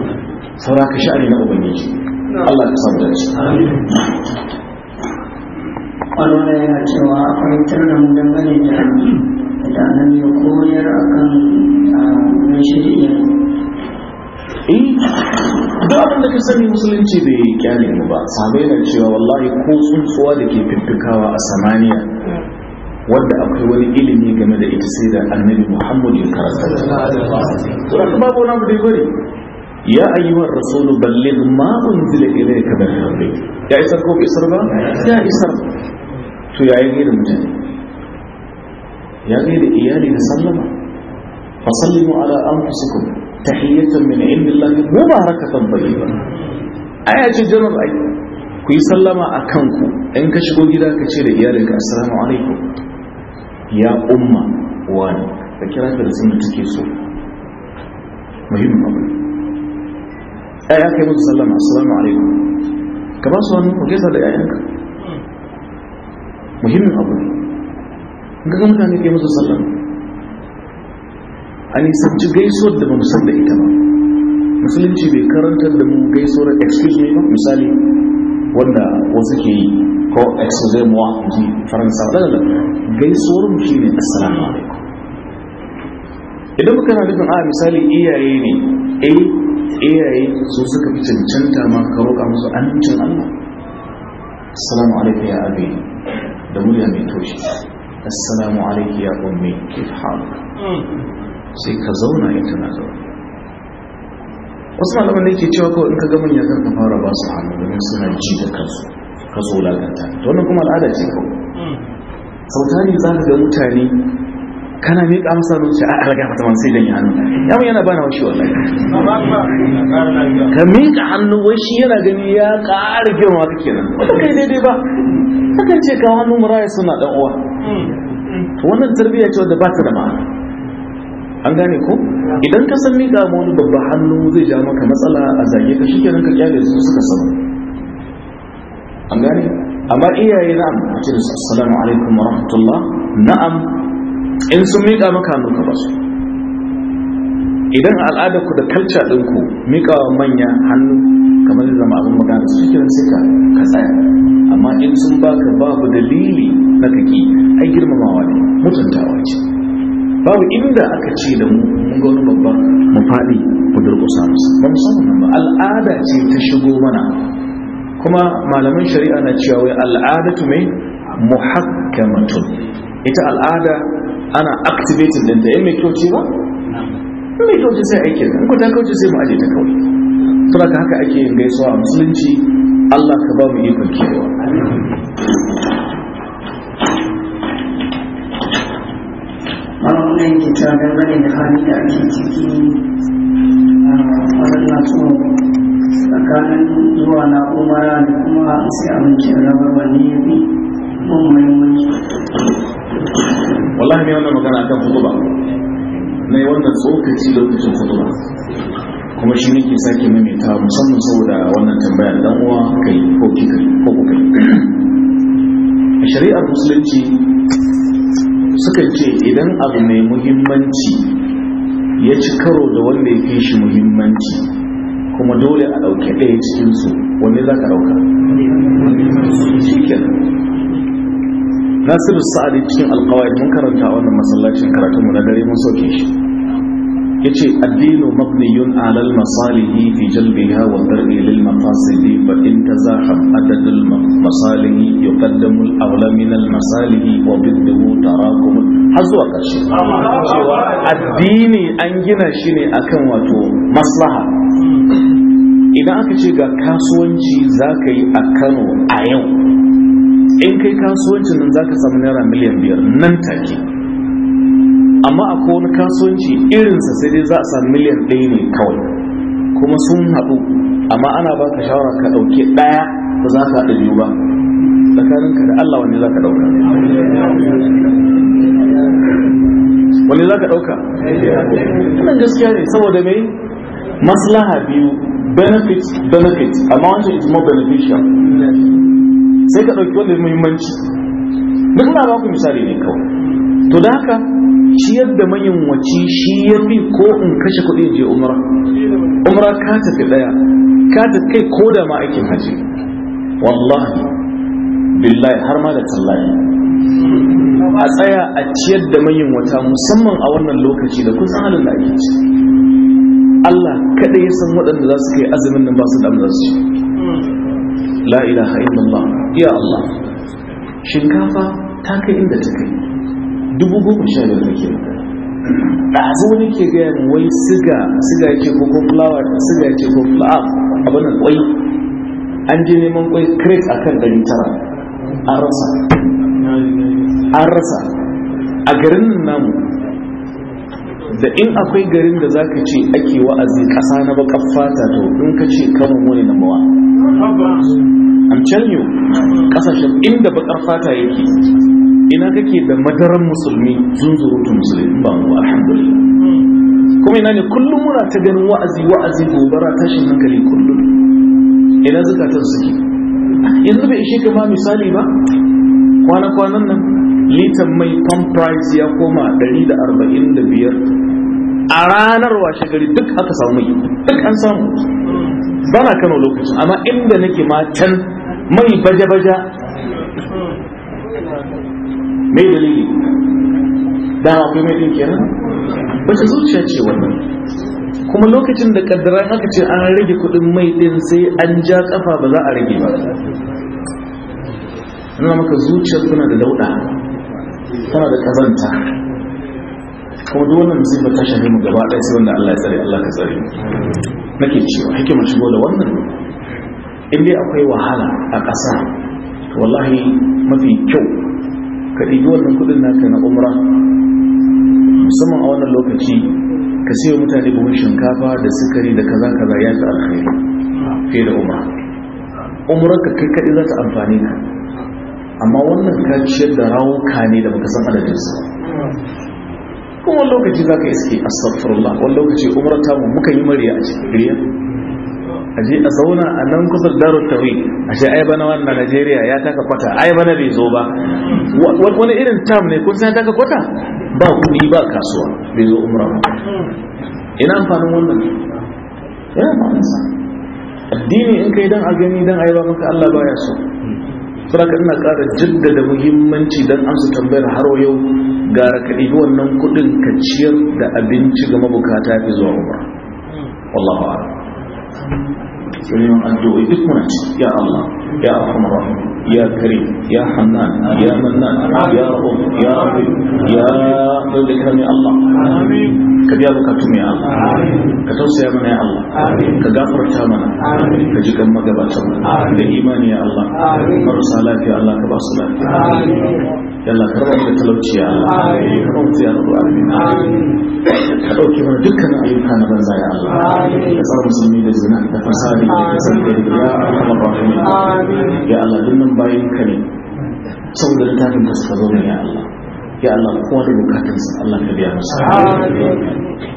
saura ka sha'ani na ubangiji Allah ya san dace Kwalwara yana cewa akwai tarnan dangane da da nan ya koyar akan kan shari'a eh da ka sani musulunci bai kyale mu ba same da cewa wallahi ko tsuntsuwa da ke fiffikawa a samaniya Wadda akwai wani ilimi game da ita sai da annabi muhammad ya karanta wadda babu wani abu da gwari. ya ayyuhar rasulu ballin ma unzila ya min harbe. ya isar ko isar ba ya isar to ya yi gina mutane ya gina da iyali da sallama fasallimu ala anfusikum tahiyyatan min indillah mubarakatan tayyiba aya ce jiran ai ku yi sallama a kanku in ka shigo gida ka ce da iyalinka assalamu alaikum ya umma wani ka kira ka da sun take so muhimmin abu Aya kai yi sallama assalamu alaikum ka ba su hannu ku gaisa da yayanka muhimmin abu ne ga mutane ke musu sallama a ci gaisuwar da ba mu da ita ba musulunci bai karantar da mu gaisuwar excuse me ba misali wanda wasu ke yi ko excuse wa ji faransa wadanda gaisuwar mu shine assalamu alaikum idan muka na a misali iyaye ne eh iyaye su suka fi cancanta ma ka roƙa musu amincin Allah assalamu alaikum ya abi da murya mai toshi assalamu alaikum ya ummi kif halka sai ka zauna in tana zaune wasu malaman da ke cewa kawai in ka gama ya ka fara ba su hannu domin suna ji da kansu ka zo laganta ta wannan kuma al'ada ce kawai sau ne za ka ga mutane kana mai kamsa lokaci a alaga fata man sai danyi hannu ya mun yana bana washi wallahi ka miƙa hannu wai shi yana gani ya ƙara girma ka kenan wata kai daidai ba kakan ce ka hannu ya suna dan uwa wannan tarbiyya ce wadda ba ta da ma'ana an gane ko idan ka san miƙa ma wani babban hannu zai ja maka matsala a zage ka shike ka kyale su suka samu an gane amma iyaye na'am a ce da assalamu alaikum wa rahmatullah na'am in sun miƙa maka hannu ka basu idan al'adar ku da culture din ku miƙa wa manya hannu kamar da zama abin magana su kiran sai ka ka tsaya amma in sun baka babu dalili na kake ai girmamawa ne mutuntawa ce babu inda aka ce da mu mun ga wani babba mu faɗi mu durƙusa musu ba mu samu nan ba al'ada ce ta shigo mana kuma malaman shari'a na cewa wai tu mai muhakkamatu ita al'ada ana activating din ta yin eh, mai kyauce ba mai kyauce sai aiki in ku ta kauce sai mu aje ta kawai saboda ka haka ake yin gaisuwa a musulunci Allah ka ba mu ikon kewa abin yake cewa dangane da da ake ciki a kwanan masu tsakanin zuwa na umara da kuma sai abincin rabar wanne ya fi mun wallahi ne wannan magana na yi wannan tsokaci lokacin kutuba kuma shi ke sake maimaita musamman saboda wannan tambaya dan uwa kai ko kika ko kuka shari'ar musulunci suka ce idan abu mai muhimmanci ya ci karo da wanda ya fi shi muhimmanci kuma dole a ɗauke ɗaya cikinsu wanne za ka ɗauka nasiru sa'adi cikin alkawai mun karanta wannan masallacin karatunmu na dare mun soke shi yace addinu mabniyun alal masalihi fi jalbiha wa dar'i lil mafasidi fa in tazahab adadul masalihi yuqaddamu al awla min al masalihi wa bidduhu tarakum har zuwa cewa addini an gina shi ne akan wato maslaha idan aka ce ga kasuwanci zaka yi a Kano a yau in kai kasuwancin nan zaka samu naira miliyan biyar nan take amma akwai wani kasuwanci irinsa sai dai za a sami miliyan ɗaya ne kawai kuma sun haɗu amma ana ba ka shawara ka ɗauke ɗaya ba za ka haɗa biyu ba ka da Allah wanda za ka ɗauka wanda za ka ɗauka Wannan gaskiya ne saboda mai maslaha biyu benefit benefit amma wancan is more beneficial sai ka ɗauki wanda muhimmanci duk na ba ku misali ne kawai to da haka ciyar da mayunwaci shi ya fi ko in kashe kuɗi je umra umra ka tafi ɗaya ka tafi kai ko da ma aikin haji wallahi billahi har ma da tallahi a tsaya a ciyar da manyan wata musamman a wannan lokaci da kusan halin da ake ci Allah kaɗai ya san waɗanda za su kai azumin nan ba su za su la ilaha illallah ya Allah shinkafa ta kai inda ta kai dubu goma sha biyar kake da ɗazu ne ke gaya mu wai siga siga ya ce ko flower siga ya ce ko flower ah, abin nan kwai an je neman kwai crate a kan ɗari tara an rasa an rasa a garin namu da in akwai garin da za ka ce ake wa'azi ƙasa na baƙar fata to in ka ce kano wani na mawa I'm telling you ƙasashen inda baƙar fata yake ina kake da madaran musulmi zunzurutun musulmi ba mu alhamdulillah kuma ina ne kullum muna ta ganin wa'azi wa'azi gobara tashin hankali kullum ina zukatan suke yanzu bai ishe ka ma misali ba kwana-kwanan nan litan mai pump price ya koma 145 a ranar washe gari duk aka samu mai duk an samu ba na kano lokacin amma inda nake ma can mai baje-baje. mai dalili da akwai mai din kenan ta zuciya ce wannan kuma lokacin da kaddara haka ce an rage kudin mai din sai an ja kafa ba za a rage ba Ina maka zuciyar tana da dauda tana da kazanta kuma duk wannan ba ta shafi mu gaba ɗaya sai wanda Allah ya tsare Allah ka tsare nake cewa hikimar shigo da wannan in dai akwai wahala a ƙasa wallahi mafi kyau ka ɗibi wannan kuɗin naka na umra musamman a wannan lokaci ka siya mutane buhun shinkafa da sukari da kaza kaza ya fi alkhairi fiye da umra umrar ka kai kaɗi za ta amfani ka amma wannan ka ciyar da ka ne da baka san adadinsa kuma lokaci za ka iske astaghfirullah wani lokaci umrar mu muka yi mariya a cikin a je a sauna a nan kusa darul tawi a ce ai bana wannan Najeriya ya taka kwata ai bana bai zo ba wani irin tam ne kun san taka kwata ba kuɗi ba kasuwa bai zo umra ba ina amfanin wannan ina amfanin sa addini in kai dan a gani dan ai ba maka Allah baya so saboda ina ƙara jaddada muhimmanci don amsa tambayar har yau gara ka ɗibi wannan kuɗin ka ciyar da abinci ga mabukata fi zuwa umra wallahu a'lam kuma يقولون أدعو باسمنا يا الله يا أرحم الراحمين يا كريم يا حنان يا منان يا رؤوف يا رحيم يا ذو الإكرام يا الله كبيابك أتم يا الله كتوسع من يا الله يا تامنا كجك مقبا تامنا لإيمان يا الله مرسالات يا الله كباصلات يا الله كرمك تلوتي يا الله كرمك يا رب العالمين كتوكي من دكنا أيها كان بنزا يا الله كصار مسلمين الزنا كفساد ya rahman rahim ya Allah dinnan bayin ka ne saboda littafin da suka zo ne ya Allah ya Allah kowa da bukatunsa Allah ka biya masa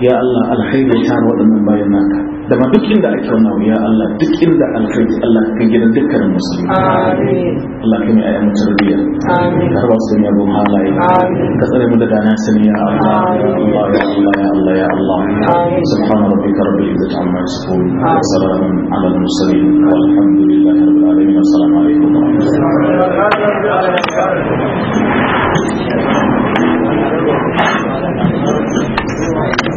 ya Allah alhaibu ta waɗannan bayan naka da ma duk inda ake wannan ya Allah duk inda an kai Allah ka gina dukkanin musulmi amin Allah ka mai ayyukan tarbiyya amin har ba su ne abun halaye amin ka tsare mu da dana sani ya Allah Allah ya Allah ya Allah ya Allah amin subhana rabbika rabbil izzati amma yasifun wa salamun ala al mursalin walhamdulillahi rabbil alamin assalamu alaikum wa rahmatullahi wa barakatuh